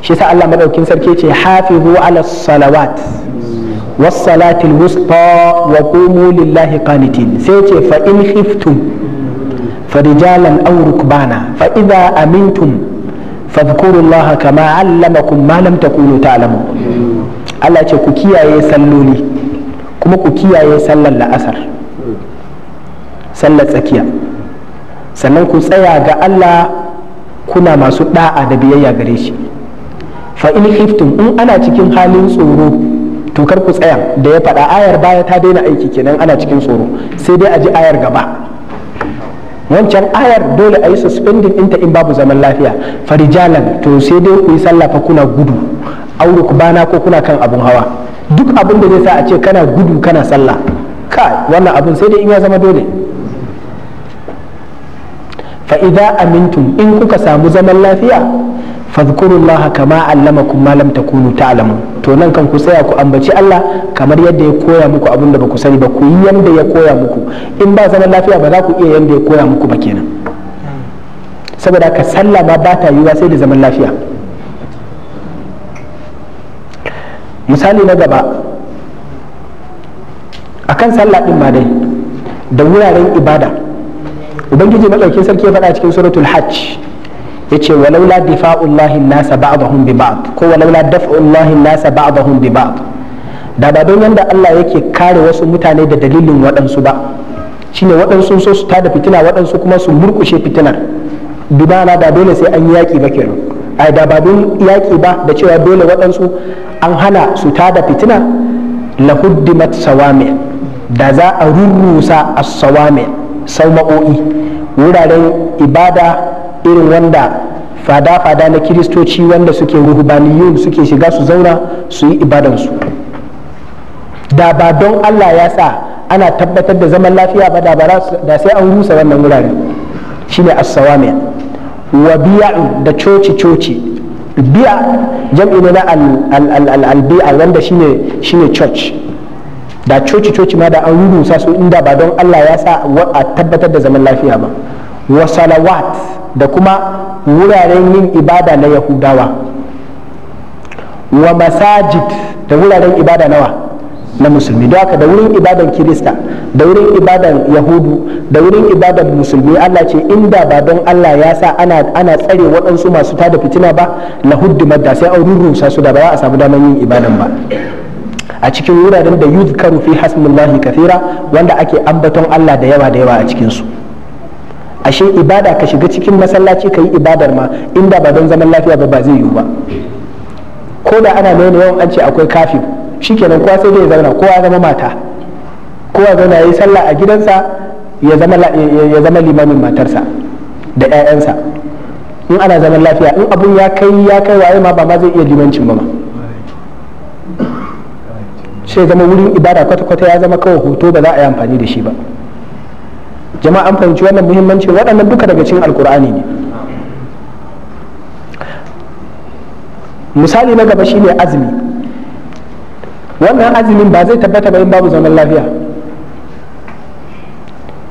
shi sa Allah madaukin sarki ce hafizu ala salawat was salatil wusta wa qumu lillahi qanitin sai ce fa in khiftum fa rijalan aw rukbana fa idza amintum fadhkurullaha kama allamakum ma lam takunu ta'lamu Allah ce ku kiyaye salloli kuma ku kiyaye sallar la'asar sallar tsakiya sannan ku tsaya ga Allah kuna masu da'a da biyayya gare shi fa in in ana cikin halin tsoro to kar ku tsaya da ya faɗa ayar baya ta daina aiki kenan ana cikin tsoro sai dai a ji ayar gaba wancan ayar dole a yi suspending inta in babu zaman lafiya farijalan to sai dai ku yi sallah fa kuna gudu aure ku bana ko kuna kan abun hawa duk abin da zai sa a ce kana gudu kana sallah ka wannan abun sai dai in ya zama dole fa idza amintum in kuka samu zaman lafiya fadhkurullaha kama allamakum ma lam takunu ta'lamun to nan kan ku tsaya ku ambaci Allah kamar yadda ya koya muku abin da baku sani ba ku yi yanda ya koya muku in ba zaman lafiya ba za ku iya yanda ya koya muku ba kenan saboda ka sallah ma ba ta yiwa sai da zaman lafiya misali na gaba akan sallah din ma dai da wuraren ibada ubangiji madaukin sarki ya faɗa cikin suratul hajj yace walaula difa'ullahi nasa ba'dahum bi ba'd ko walaula daf'ullahi nasa ba'dahum bi ba'd da ba don yanda Allah yake kare wasu mutane da dalilin waɗansu ba shine waɗansu so su tada fitina waɗansu kuma su murkushe fitinar dubana da dole sai an yi yaƙi ba kenan ai da ba don yaƙi ba da cewa dole waɗansu an hana su tada fitina lahuddimat sawami da za a rurrusa as-sawami ma'o'i wuraren ibada irin wanda fada-fada na kiristoci wanda suke ruhubaniyun suke shiga su zauna su yi ibadansu da ba don allah ya sa ana tabbatar da zaman lafiya ba da da sai an rusa wannan wurare shine as-sawami wa biya'un da coci coci biya jam'i ne na al-bi'a wanda shine shine church da coci coci ma da an rusa su inda ba don allah ya sa a tabbatar da zaman lafiya ba wa salawat da kuma wuraren yin ibada na yahudawa wa masajid da wuraren ibada nawa na musulmi don haka da wurin ibadan kirista da wurin ibadan yahudu da wurin ibadan musulmi allah ce inda ba don allah ya sa ana, ana tsare waɗansu masu tada fitina ba na huddu da sai an rurrusa su da ba za a samu damar yin ibadan ba a cikin wuraren da yuzkaru fi hasmullahi kafira wanda ake ambaton allah da yawa da yawa a cikinsu su ashe ibada ka shiga cikin masallaci ka yi ibadar ma inda ba don zaman lafiya ba ba zai yiwu ba ko da ana nuna yawan an ce akwai kafin shikenan kowa sai dai ya zauna kowa zama mata kowa zauna ya yi sallah a gidansa ya zama limamin matarsa da 'ya'yansa in ana zaman lafiya in abun ya kai ya kai waye ma ba ma zai iya limancin ba ma sai zama wurin ibada kwata-kwata ya zama kawai hoto ba za a yi amfani da shi ba jama'a an fahimci wannan muhimmanci waɗannan duka daga cikin alkur'ani ne misali na gaba shine azumi wannan azumin ba zai tabbata ba in babu zaman lafiya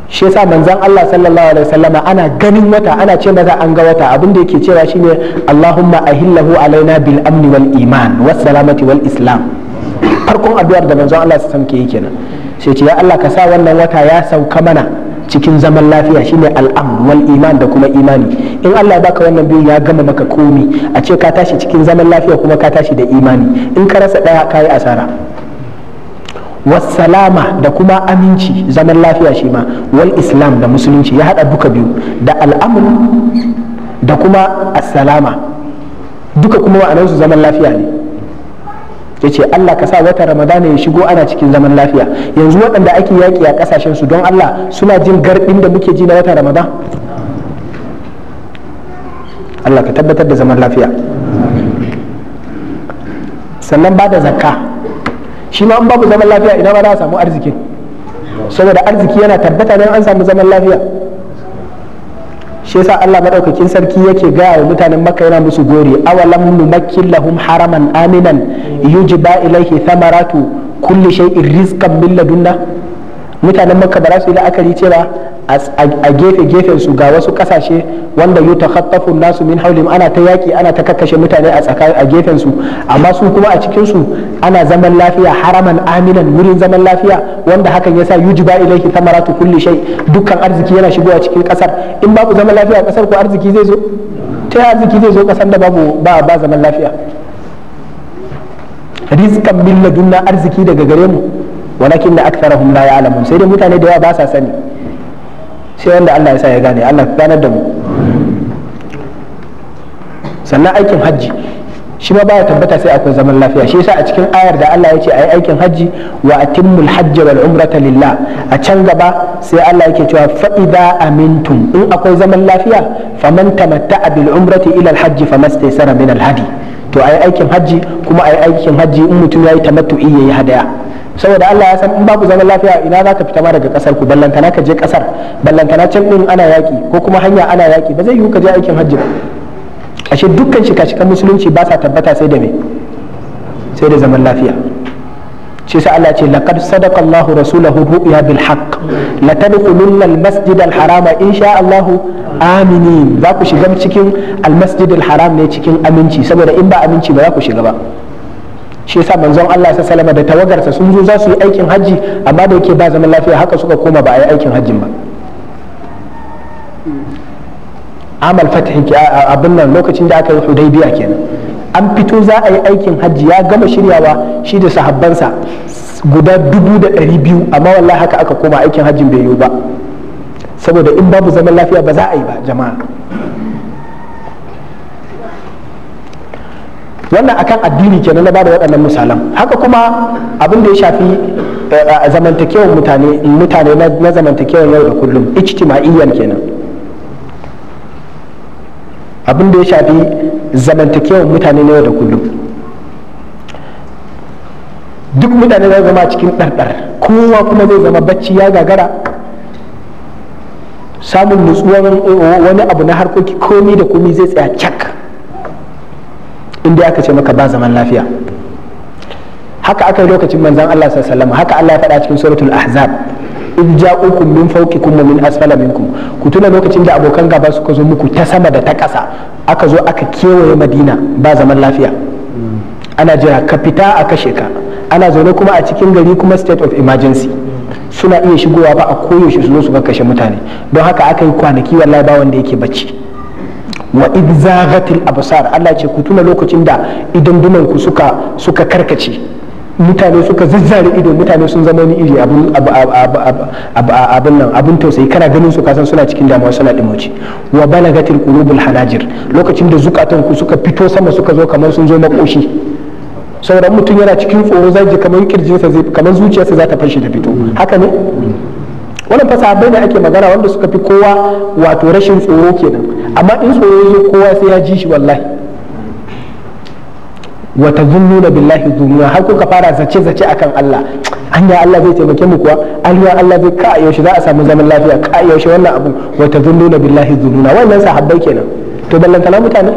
shi yasa manzon Allah sallallahu alaihi wasallama ana ganin wata ana ce maza an ga wata abin da yake cewa shine Allahumma ahillahu alaina bil amni wal iman was salamati wal islam farkon addu'ar da manzon Allah sallallahu alaihi wasallam ke yi kenan sai ce ya Allah ka sa wannan wata ya sauka mana cikin zaman lafiya shine al'am wal iman da kuma imani in Allah ya baka wannan biyu ya gama maka komi a ce ka tashi cikin zaman lafiya kuma ka tashi da imani in ka rasa daya kayi asara wasalama da kuma aminci zaman lafiya shi ma wal islam da musulunci ya hada duka biyu da al'amun da kuma assalama duka kuma ma'anarsu zaman lafiya ne ya ce Allah ka sa watan ramadana ya shigo ana cikin zaman lafiya yanzu waɗanda ake yaƙi a ƙasashen su don Allah suna jin garɗin da muke ji na wata ramadan Allah ka tabbatar da zaman lafiya sannan ba da zakka shi ma an babu zaman lafiya ina ba za a samu arziki saboda arziki yana tabbata don an samu zaman lafiya shi yasa Allah madaukakin sarki yake gaya mutanen Makka yana musu gori awalam numakkin lahum haraman aminan yujiba ilaihi thamaratu kulli shay'in rizqan min ladunna mutanen makka ba za su yi la'akari cewa a gefe gefen su ga wasu kasashe wanda yuta khattafu nasu min haulim ana ta yaki ana ta kakkashe mutane a tsakanin a gefen su amma su kuma a cikin su ana zaman lafiya haraman aminan wurin zaman lafiya wanda hakan yasa yujiba ilayhi thamaratu kulli shay dukkan arziki yana shigowa cikin kasar in babu zaman lafiya kasar ko arziki zai zo ta arziki zai zo kasar da babu ba ba zaman lafiya rizqan min ladunna arziki daga gare mu walakin da aktharahum la ya'lamun sai dai mutane da yawa ba sa sani sai wanda Allah ya sa ya gane Allah ganar da mu sannan aikin hajji shi ma baya tabbata sai akwai zaman lafiya shi yasa a cikin ayar da Allah ya ce ayi aikin hajji wa atimmul hajja wal umrata lillah a can gaba sai Allah yake cewa fa idza amintum in akwai zaman lafiya faman tamatta'a bil umrati ila al hajji famastaysara min al hadi to a yi aikin hajji kuma a yi aikin hajji in mutum ya yayi tamattu'i yi hadaya saboda Allah ya san in babu zaman lafiya ina za ka fita ma daga kasar ku ballantana ka je kasar ballantana can din ana yaki ko kuma hanya ana yaki ba zai yiwu ka je aikin hajji ba ashe dukkan shika-shikan musulunci ba sa tabbata sai da me sai da zaman lafiya shi sa Allah ce laqad sadaqa Allah rasulahu ru'ya bil haqq la tadkhulunna al masjid al haram Allah aminin za ku shiga cikin al masjid al haram ne cikin aminci saboda in ba aminci ba za ku shiga ba shi yasa manzon Allah sa salama da tawagarsa sun zo za su yi aikin hajji amma da yake ba zaman lafiya haka suka koma ba a yi aikin hajjin ba amal fatih abin nan lokacin da aka yi hudaybiya kenan an fito za a yi aikin hajji ya gama shiryawa shi da sahabbansa guda dubu da ɗari biyu amma wallahi haka aka koma aikin hajji bai yiwu ba saboda in babu zaman lafiya ba za a yi ba jama'a wannan akan addini kenan na bada waɗannan misalan haka kuma abin da ya shafi eh, zamantakewar mutane na zamantakewar yau da kullum ijtima'iyyan kenan abin da ya shafi zamantakewar mutane na yau da kullum duk mutane za zama cikin ɗarɗar kowa kuma zai zama bacci ya gagara samun nutsuwar wani abu na harkoki komi da komi zai tsaya cak inda aka ce maka ba zaman lafiya haka aka yi lokacin manzan Allah sallallahu haka Allah ya faɗa cikin suratul ahzab in ja'ukum min fawqikum wa min asfala minkum ku tuna lokacin da abokan gaba suka zo muku ta sama da ta ƙasa aka zo aka kewaye madina ba zaman lafiya ana jira ka fita a kashe ka ana zaune kuma a cikin gari kuma state of emergency suna iya shigowa ba a koyaushe su zo su kashe mutane don haka aka yi kwanaki wallahi ba wanda yake bacci wa ghatil absar Allah ce ku tuna lokacin da idan ku suka suka karkace mutane suka zazzare ido mutane sun zama wani iri abin nan abin tausayi kana ganin su kasan suna cikin damuwa suna dimoci wa balagatil qulubul hanajir lokacin da zukatan ku suka fito sama suka zo kamar sun zo makoshi sauran mutum yana cikin tsoro zai ji kamar sa zai kamar zuciyarsa za ta fashe da fito haka ne wannan fasahabai da ake magana wanda suka fi kowa wato rashin tsoro kenan amma in tsoro ya kowa sai ya ji shi wallahi wa tazunnuna billahi zununa har kuka fara zace zace akan Allah anya Allah zai taimake mu kuwa ya Allah zai ka yaushe za a samu zaman lafiya ka yaushe wannan abu wa tazunnuna billahi zununa wannan sahabbai kenan to ballantana mutane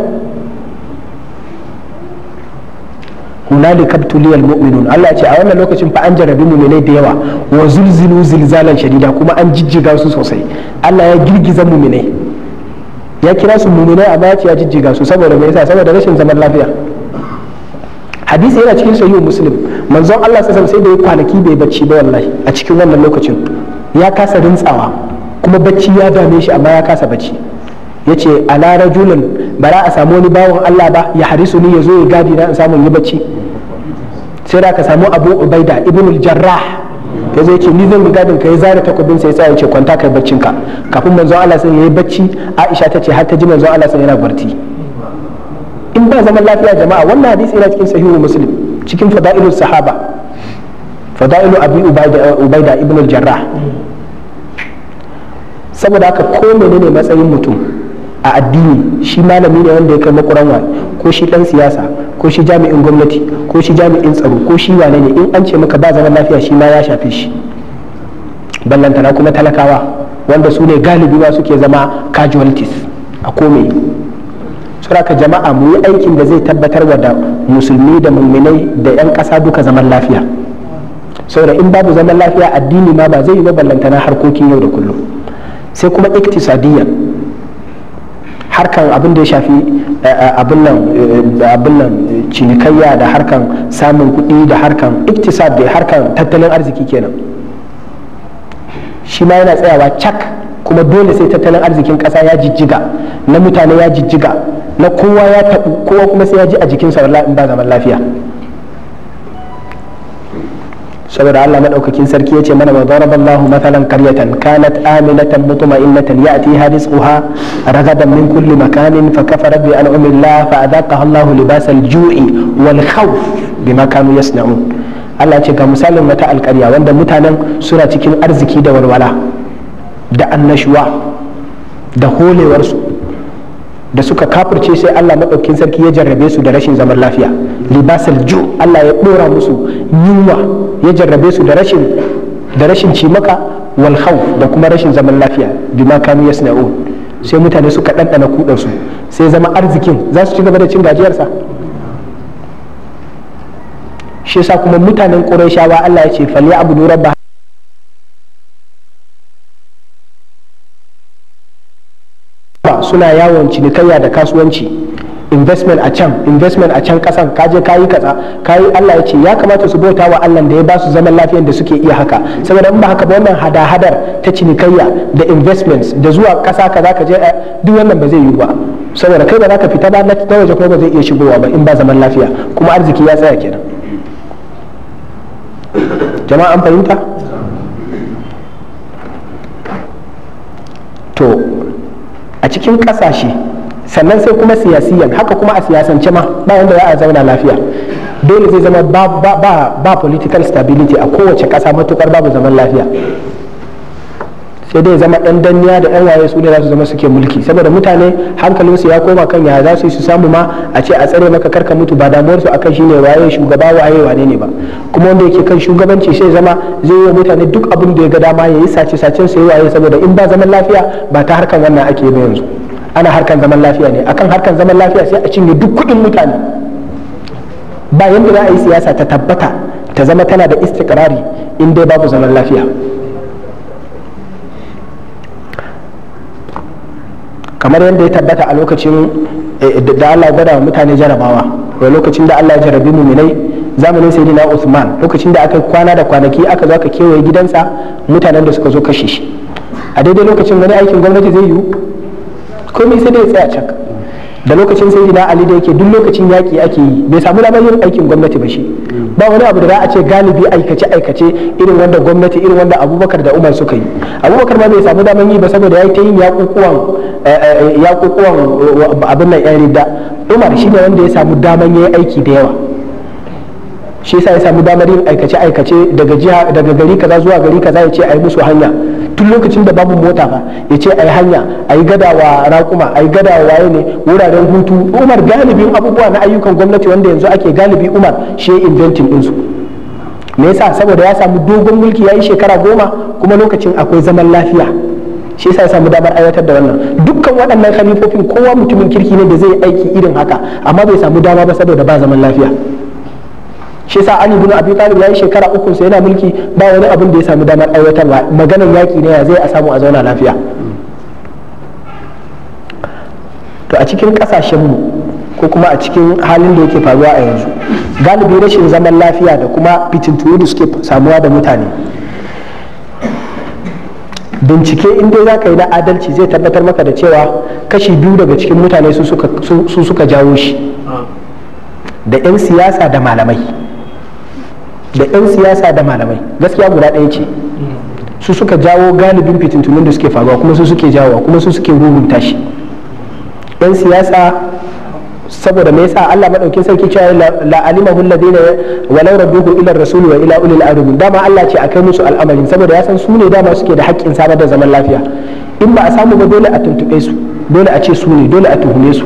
hunalika kaptuliyar mu'minun Allah ya ce a wannan lokacin fa an jarabi mu'minai da yawa wa zulzilu zilzalan shadida kuma an jijjiga su sosai Allah ya girgiza mu'minai ya kira su mu'minai amma ya ce ya jijjiga su saboda me yasa saboda rashin zaman lafiya hadisi yana cikin sahihu muslim manzon Allah sallallahu sai da kwanaki bai bacci ba wallahi a cikin wannan lokacin ya kasa rintsawa kuma bacci ya dame shi amma ya kasa bacci yace ala rajulun bara a samu wani bawan Allah ba ya harisu ni yazo ya gadi na in samu yi bacci sai da ka samu Abu Ubaida ibn al-Jarrah ya zai ce ni zan gadin ka ya zare takobin sai sai ya ce kwanta kai baccin ka kafin manzon Allah sai yayi bacci Aisha tace har ta ji manzon Allah sai yana barci in ba zaman lafiya jama'a wannan hadisi yana cikin sahihu muslim cikin fada'ilu sahaba fada'ilu abi ubaida ibn al-jarrah saboda haka ko menene matsayin mutum a addini shi malami ne wanda ya kai makuran wa ko shi dan siyasa ko shi jami'in gwamnati ko shi jami'in tsaro ko shi wane ne in an ce maka ba zaman lafiya shi ma ya shafe shi ballantana kuma talakawa wanda su ne galibi ma suke zama casualties a komai suraka jama'a mu yi aikin da zai tabbatar wa da musulmi da muminai da 'yan ƙasa duka zaman lafiya saboda in babu zaman lafiya addini ma ba zai yi ballanta na harkokin yau da kullum sai kuma iktisadiyya harkan abin da ya shafi eh, eh, eh, abin nan cinikayya da harkan samun kuɗi da harkan iktisad da harkan tattalin arziki kenan shi ma yana tsayawa cak kuma dole sai tattalin arzikin ƙasa ya jijjiga na mutane ya jijjiga na kowa ya taɓu kowa kuma sai ya ji a jikinsa in ba zaman lafiya saboda Allah madaukakin sarki yace mana wa daraballahu mathalan qaryatan kanat aminatan mutma'innatan ya'tiha rizquha ragadan min kulli makanin fa kafarat bi an'ami Allah fa adaqaha Allah libas al-ju'i wal khawf bima kanu yasna'un Allah ce ga misalin wata alƙarya wanda mutanen suna cikin arziki da walwala da annashuwa da holewarsu da suka kafirce sai Allah maɗaukin sarki ya jarrabe su da rashin zaman lafiya libasal ju Allah ya ɗora musu yunwa ya jarrabe su da rashin da rashin cimaka wal khawf da kuma rashin zaman lafiya ma kanu yasna'un sai mutane suka ɗanɗana kudan su sai zama arzikin za su ci gaba da cin gajiyarsa shi yasa kuma mutanen qurayshawa Allah ya ce abu abudu ba. suna yawon cinikayya da kasuwanci investment a can investment a can kasan kaje kayi katsa kayi Allah ya ce ya kamata su bauta wa Allah da ya ba su zaman lafiyar da suke iya haka saboda in ba haka ba wannan hada-hadar ta cinikayya da investments da zuwa kasa kaza ka je eh, duk wannan ba zai yi ba saboda kai ba za ka fita ba na waje kuma ba zai iya shigowa ba in ba zaman lafiya kuma arziki ya tsaya kenan jama'a an fahimta to a cikin ƙasashe sannan sai kuma siyasiyan haka kuma a siyasance ma bayan da za a zauna lafiya dole zai zama ba, political stability a kowace ƙasa matukar babu zaman lafiya sai dai zama dan danniya da yan waye su ne za su zama suke mulki saboda mutane su ya koma kan ya za su yi su samu ma a ce a tsare maka karka mutu ba damuwar su akan shine waye shugaba waye wane ne ba kuma wanda yake kan shugabanci sai zama zai yi mutane duk abin da ya ga dama yayi sace sacen sai waye saboda in ba zaman lafiya ba ta harkan wannan ake ba yanzu ana harkan zaman lafiya ne akan harkan zaman lafiya sai a cinye duk kudin mutane ba yanda za a yi siyasa ta tabbata ta zama tana da istikrari in dai babu zaman lafiya kamar yadda ya tabbata a lokacin eh, da Allah ya gwada mutane jarabawa a lokacin da Allah ya jarabi muminai zamanin sayyidina Uthman lokacin da aka kwana da kwanaki aka zo aka kewaye gidansa mutanen da suka zo kashe shi a daidai lokacin wani aikin gwamnati zai yiwu komai sai dai tsaya cak da lokacin sai na ali da yake duk lokacin yaƙi ake yi bai samu damar yin aikin gwamnati ba shi ba wani abu da za a ce galibi aikace aikace irin wanda gwamnati irin wanda abubakar da umar suka yi abubakar ma bai samu damar yi ba saboda ya yi ta yin yaƙuƙuwan eh, eh, eh, abin nan yan ridda umar shi ne wanda ya samu damar ya yi aiki da yawa shi yasa ya samu damar yin aikace aikace daga gari kaza zuwa gari kaza ya ce a yi musu hanya tun lokacin da babu mota ba ya ce ai hanya a ai gadawa raƙuma gada gadawa waye ne wuraren hutu umar galibin abubuwa na ayyukan gwamnati wanda yanzu ake galibi umar shi inventing din su me yasa saboda ya samu dogon mulki yi shekara goma kuma lokacin akwai zaman lafiya shi yasa ya samu damar aiwatar da wannan dukkan waɗannan khalifofin kowa mutumin kirki ne da zai aiki irin haka amma bai samu dama ba saboda ba zaman lafiya shi sa Ali ibn Abi Talib yayi shekara uku sai yana mulki ba wani abin da ya samu damar aiwatarwa maganar yaki ne ya zai a samu a zauna lafiya to a cikin kasashen mu ko kuma a cikin halin da yake faruwa a yanzu galibi rashin zaman lafiya da kuma fitintuwa da suke samuwa da mutane bincike in dai za ka yi na adalci zai tabbatar maka da cewa kashi biyu daga cikin mutane su suka jawo shi ah. da 'yan siyasa da malamai da 'yan siyasa da malamai gaskiya guda ɗaya ce su suka jawo galibin fitintunin da suke faruwa kuma su suke jawo kuma su suke rugunta shi 'yan siyasa saboda me yasa Allah madaukin sarki cewa la alimahu alladhina walau rabbuhu ila rasul wa ila ulil arbi dama Allah ce akai musu al'amarin saboda ya san su ne dama suke da haƙƙin samar da zaman lafiya in ba a samu ba dole a tuntube su dole a ce su ne dole a tuhume su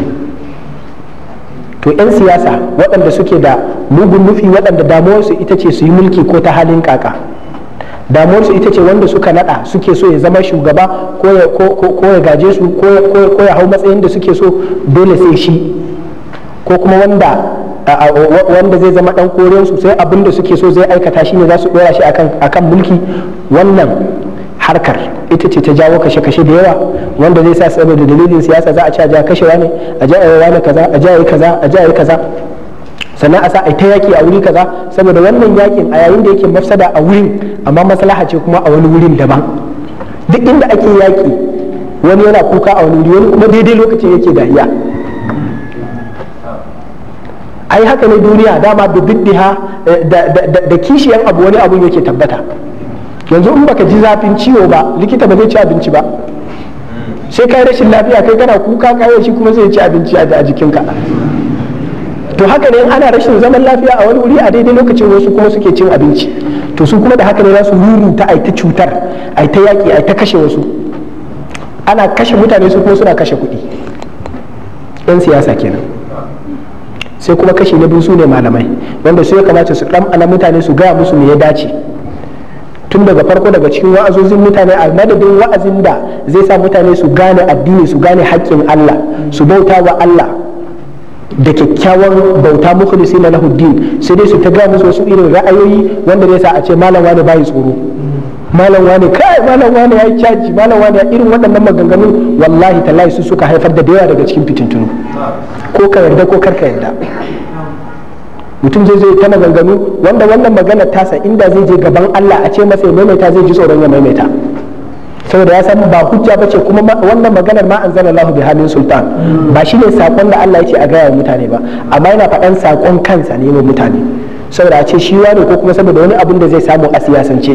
to 'yan siyasa waɗanda suke da mugun nufi waɗanda damuwarsu ita ce su yi mulki ko ta halin kaka damuwarsu ita ce wanda suka nada suke so ya zama shugaba ko ya gaje su ko ya hau matsayin da suke so dole sai shi ko kuma wanda wanda zai zama dan koren sai abin da suke so zai aikata shi ne za su dora shi akan mulki wannan harkar ita ce ta jawo kashe-kashe da yawa wanda zai sa saboda dalilin siyasa za a ci a ja kashewa ne a ja a wani kaza a ja kaza a ja yi kaza sannan a sa a ta yaki a wuri kaza saboda wannan yakin a yayin da yake mafsada a wurin amma maslaha ce kuma a wani wurin daban duk inda ake yaki wani yana kuka a wani wuri wani kuma daidai lokacin yake dariya ai haka ne duniya dama eh, da da kishiyan abu wani abun yake tabbata yanzu in baka ji zafin ciwo ba likita ba zai ci abinci ba sai kai rashin lafiya kai kana kuka kaya shi kuma zai ci abinci a jikinka to haka ne ana rashin zaman lafiya a wani wuri a daidai lokacin wasu kuma suke cin abinci to su kuma da haka ne za su ruruta a ta cutar a ta yaƙi a ta kashe wasu ana kashe mutane su kuma suna kashe kuɗi yan siyasa kenan sai kuma kashe na biyu su ne malamai wanda su ya kamata su ɗan mutane su gaya musu me ya dace tun daga farko daga cikin wa'azozin mutane a madadin wa'azin da zai sa mutane su gane addini su gane haƙƙin Allah su bauta wa Allah da kyakkyawan bauta mukhlisi na lahuddin sai dai su ta gaya musu wasu irin ra'ayoyi wanda zai sa a ce malam wani bayi tsoro malam wani kai malam wani ya caji malam wani irin waɗannan maganganun wallahi tallahi su suka haifar da da yawa daga cikin fitintunu ko ka yarda ko kar ka yarda mutum zai zai ta maganganu wanda wannan magana tasa inda zai je gaban Allah a ce masa ya maimaita zai ji tsoron ya maimaita saboda ya san ba hujja ba ce kuma wannan maganar ma an zana Allah bi halin sultan ba shi ne sakon da Allah ya ce a gaya mutane ba amma yana faɗan sakon kansa ne mai mutane saboda a ce shi wani ko kuma saboda wani abun da zai samu a siyasance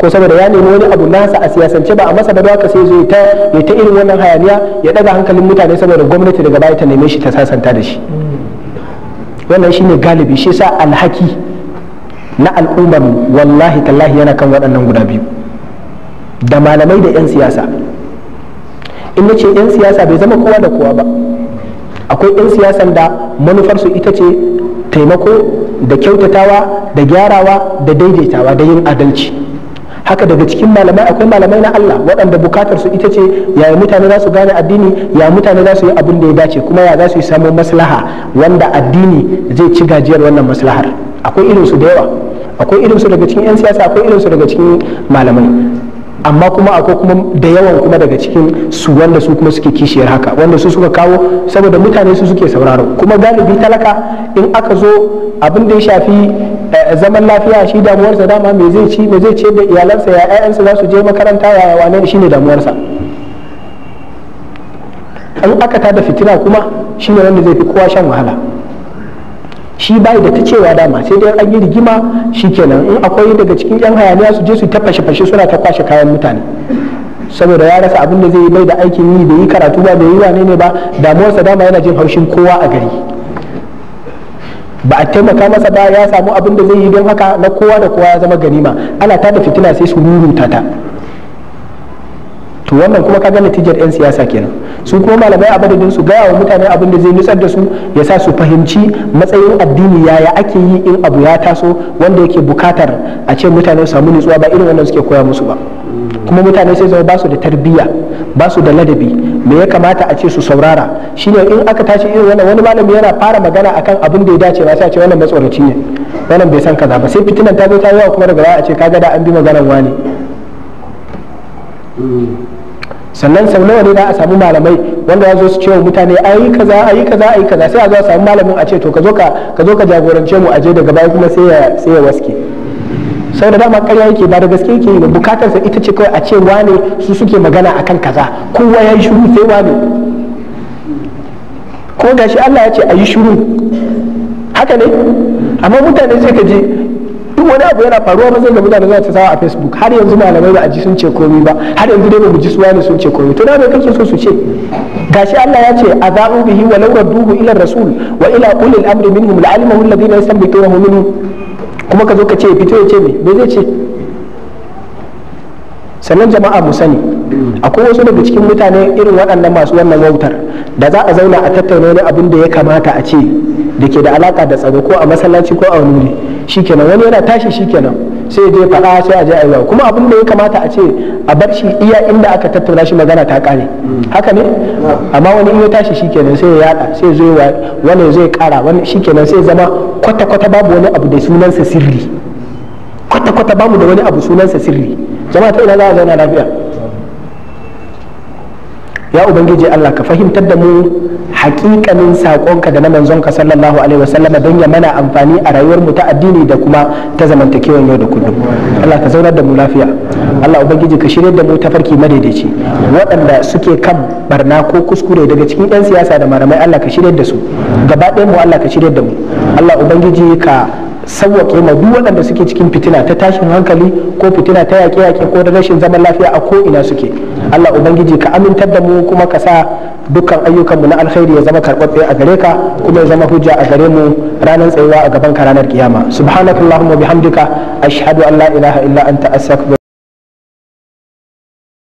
ko saboda ya nemi wani abu nasa a siyasance ba a masa ba haka sai zai ta ya ta irin wannan hayaniya ya ɗaga hankalin mutane saboda gwamnati daga baya ta neme shi ta sasanta da shi wannan shine galibi shi sa alhaki na al'ummar wallahi tallahi yana kan waɗannan guda biyu da malamai da 'yan siyasa in na ce 'yan siyasa bai zama kowa da kowa ba akwai 'yan siyasan da manufarsu ita ce taimako da kyautatawa da gyarawa da daidaitawa da yin adalci haka daga cikin malamai akwai malamai na Allah waɗanda bukatar su ita ce yaya mutane za su gane addini ya mutane za su yi abin da ya dace kuma ya za su yi samun maslaha wanda addini zai ci gajiyar wannan maslahar akwai irin su da yawa akwai irin su daga cikin 'yan siyasa akwai irin su daga cikin malamai amma kuma akwai kuma da yawan kuma daga cikin su wanda su kuma suke kishiyar haka wanda su suka kawo saboda mutane su suke sauraro kuma galibi talaka in aka zo abin da ya shafi Eh, zaman lafiya shi damuwarsa dama me zai ci me zai ce da iyalansa ya ƴaƴansa za su je makaranta ya wane shi ne damuwarsa an aka da fitina kuma shi ne wanda zai fi kowa shan wahala shi bai da ta cewa dama sai dai an yi rigima shi kenan in akwai daga cikin yan hayaniya su je su ta fashe fashe suna ta kwashe kayan mutane saboda ya rasa abin da zai yi mai da aikin yi bai yi karatu ba bai yi wane ne ba damuwarsa dama yana jin haushin kowa a gari ba a taimaka masa ba ya samu abin da zai yi don haka na kowa da kowa ya zama ganima ana ta da fitina sai su ruru ta to wannan kuma ka kaga natijar yan siyasa kenan su kuma malamai a madadin su gaya wa mutane abin da zai nutsar da su ya sa su fahimci matsayin addini yaya ake yi in abu ya taso wanda yake bukatar a ce mutane su samu nutsuwa ba irin wannan suke koya musu ba kuma mutane sai zama ba su da tarbiyya ba su da ladabi me ya kamata a ce su saurara shine in aka tashi irin wannan wani malami yana fara magana akan abin da ya dace ba sai a ce wannan matsoraci ne wannan bai san kaza ba sai fitinan ta zo ta yawa kuma daga baya a ce kaga da an bi maganar wani sannan sau nawa ne za a samu malamai wanda ya zo su cewa mutane ayi kaza ayi kaza ayi kaza sai a zo a samu malamin a ce to ka zo ka jagorance mu a aje daga baya kuma sai ya waske Sau da dama karya yake ba da gaske yake yi bukatarsa ita ce kawai a ce wane su suke magana a kan kaza kowa ya yi shiru sai wane ko gashi Allah ya ce a yi shiru haka ne amma mutane sai ka je duk wani abu yana faruwa ba zai ga mutane za ta sawa a facebook har yanzu malamai ba a ji sun ce komai ba har yanzu dai ba mu ji su wani sun ce komai to da me kake so su ce gashi Allah ya ce za'u bihi wa law duhu ila rasul wa ila ulil amri minhum la'alimahu alladhina yastanbituhu minhum kuma ka zo ka ce fito ya ce me me zai ce sannan jama'a mu sani akwai wasu daga cikin mutane irin waɗannan masu wannan wautar da za a zauna a tattauna wani abin da ya kamata a ce da ke da alaka da tsaro ko a masallaci ko a wani wuri shikenan wani yana tashi shikenan sai je faɗa sai a je a yi kuma abin da ya kamata a ce a bar shi iya inda aka tattauna shi magana ta kare haka ne amma wani in ya tashi shikenan sai ya yada sai zo wani zai kara wani shikenan sai zama kwata kwata babu wani abu da sunansa sirri kwata kwata babu da wani abu sunansa sirri jama'a ta ina za a zauna lafiya ya ubangiji Allah ka fahimtar da mu hakikanin saƙonka da na manzonka sallallahu alaihi sallama don ya mana amfani a rayuwar mu ta addini da kuma ta zamantakewar yau da kullum Allah ka zaunar da mu lafiya Allah ubangiji ka shirya da mu tafarki madaidaici waɗanda suke kan barna ko kuskure daga cikin 'yan siyasa da malamai Allah ka shirya da su gaba ɗayan mu Allah ka shirya da mu Allah ubangiji ka sauwaƙe ma duk waɗanda suke cikin fitina ta tashin hankali ko fitina ta yaƙe-yaƙe ko da rashin zaman lafiya a ko ina suke Allah ubangiji ka amintar da mu kuma ka sa dukkan ayyukanmu na alkhairi ya zama karɓaɓɓe a gare ka kuma ya zama hujja a gare mu ranar tsayuwa a gaban ka ranar kiyama subhanakallahumma bihamdika ashhadu an la ilaha illa anta astaghfiruka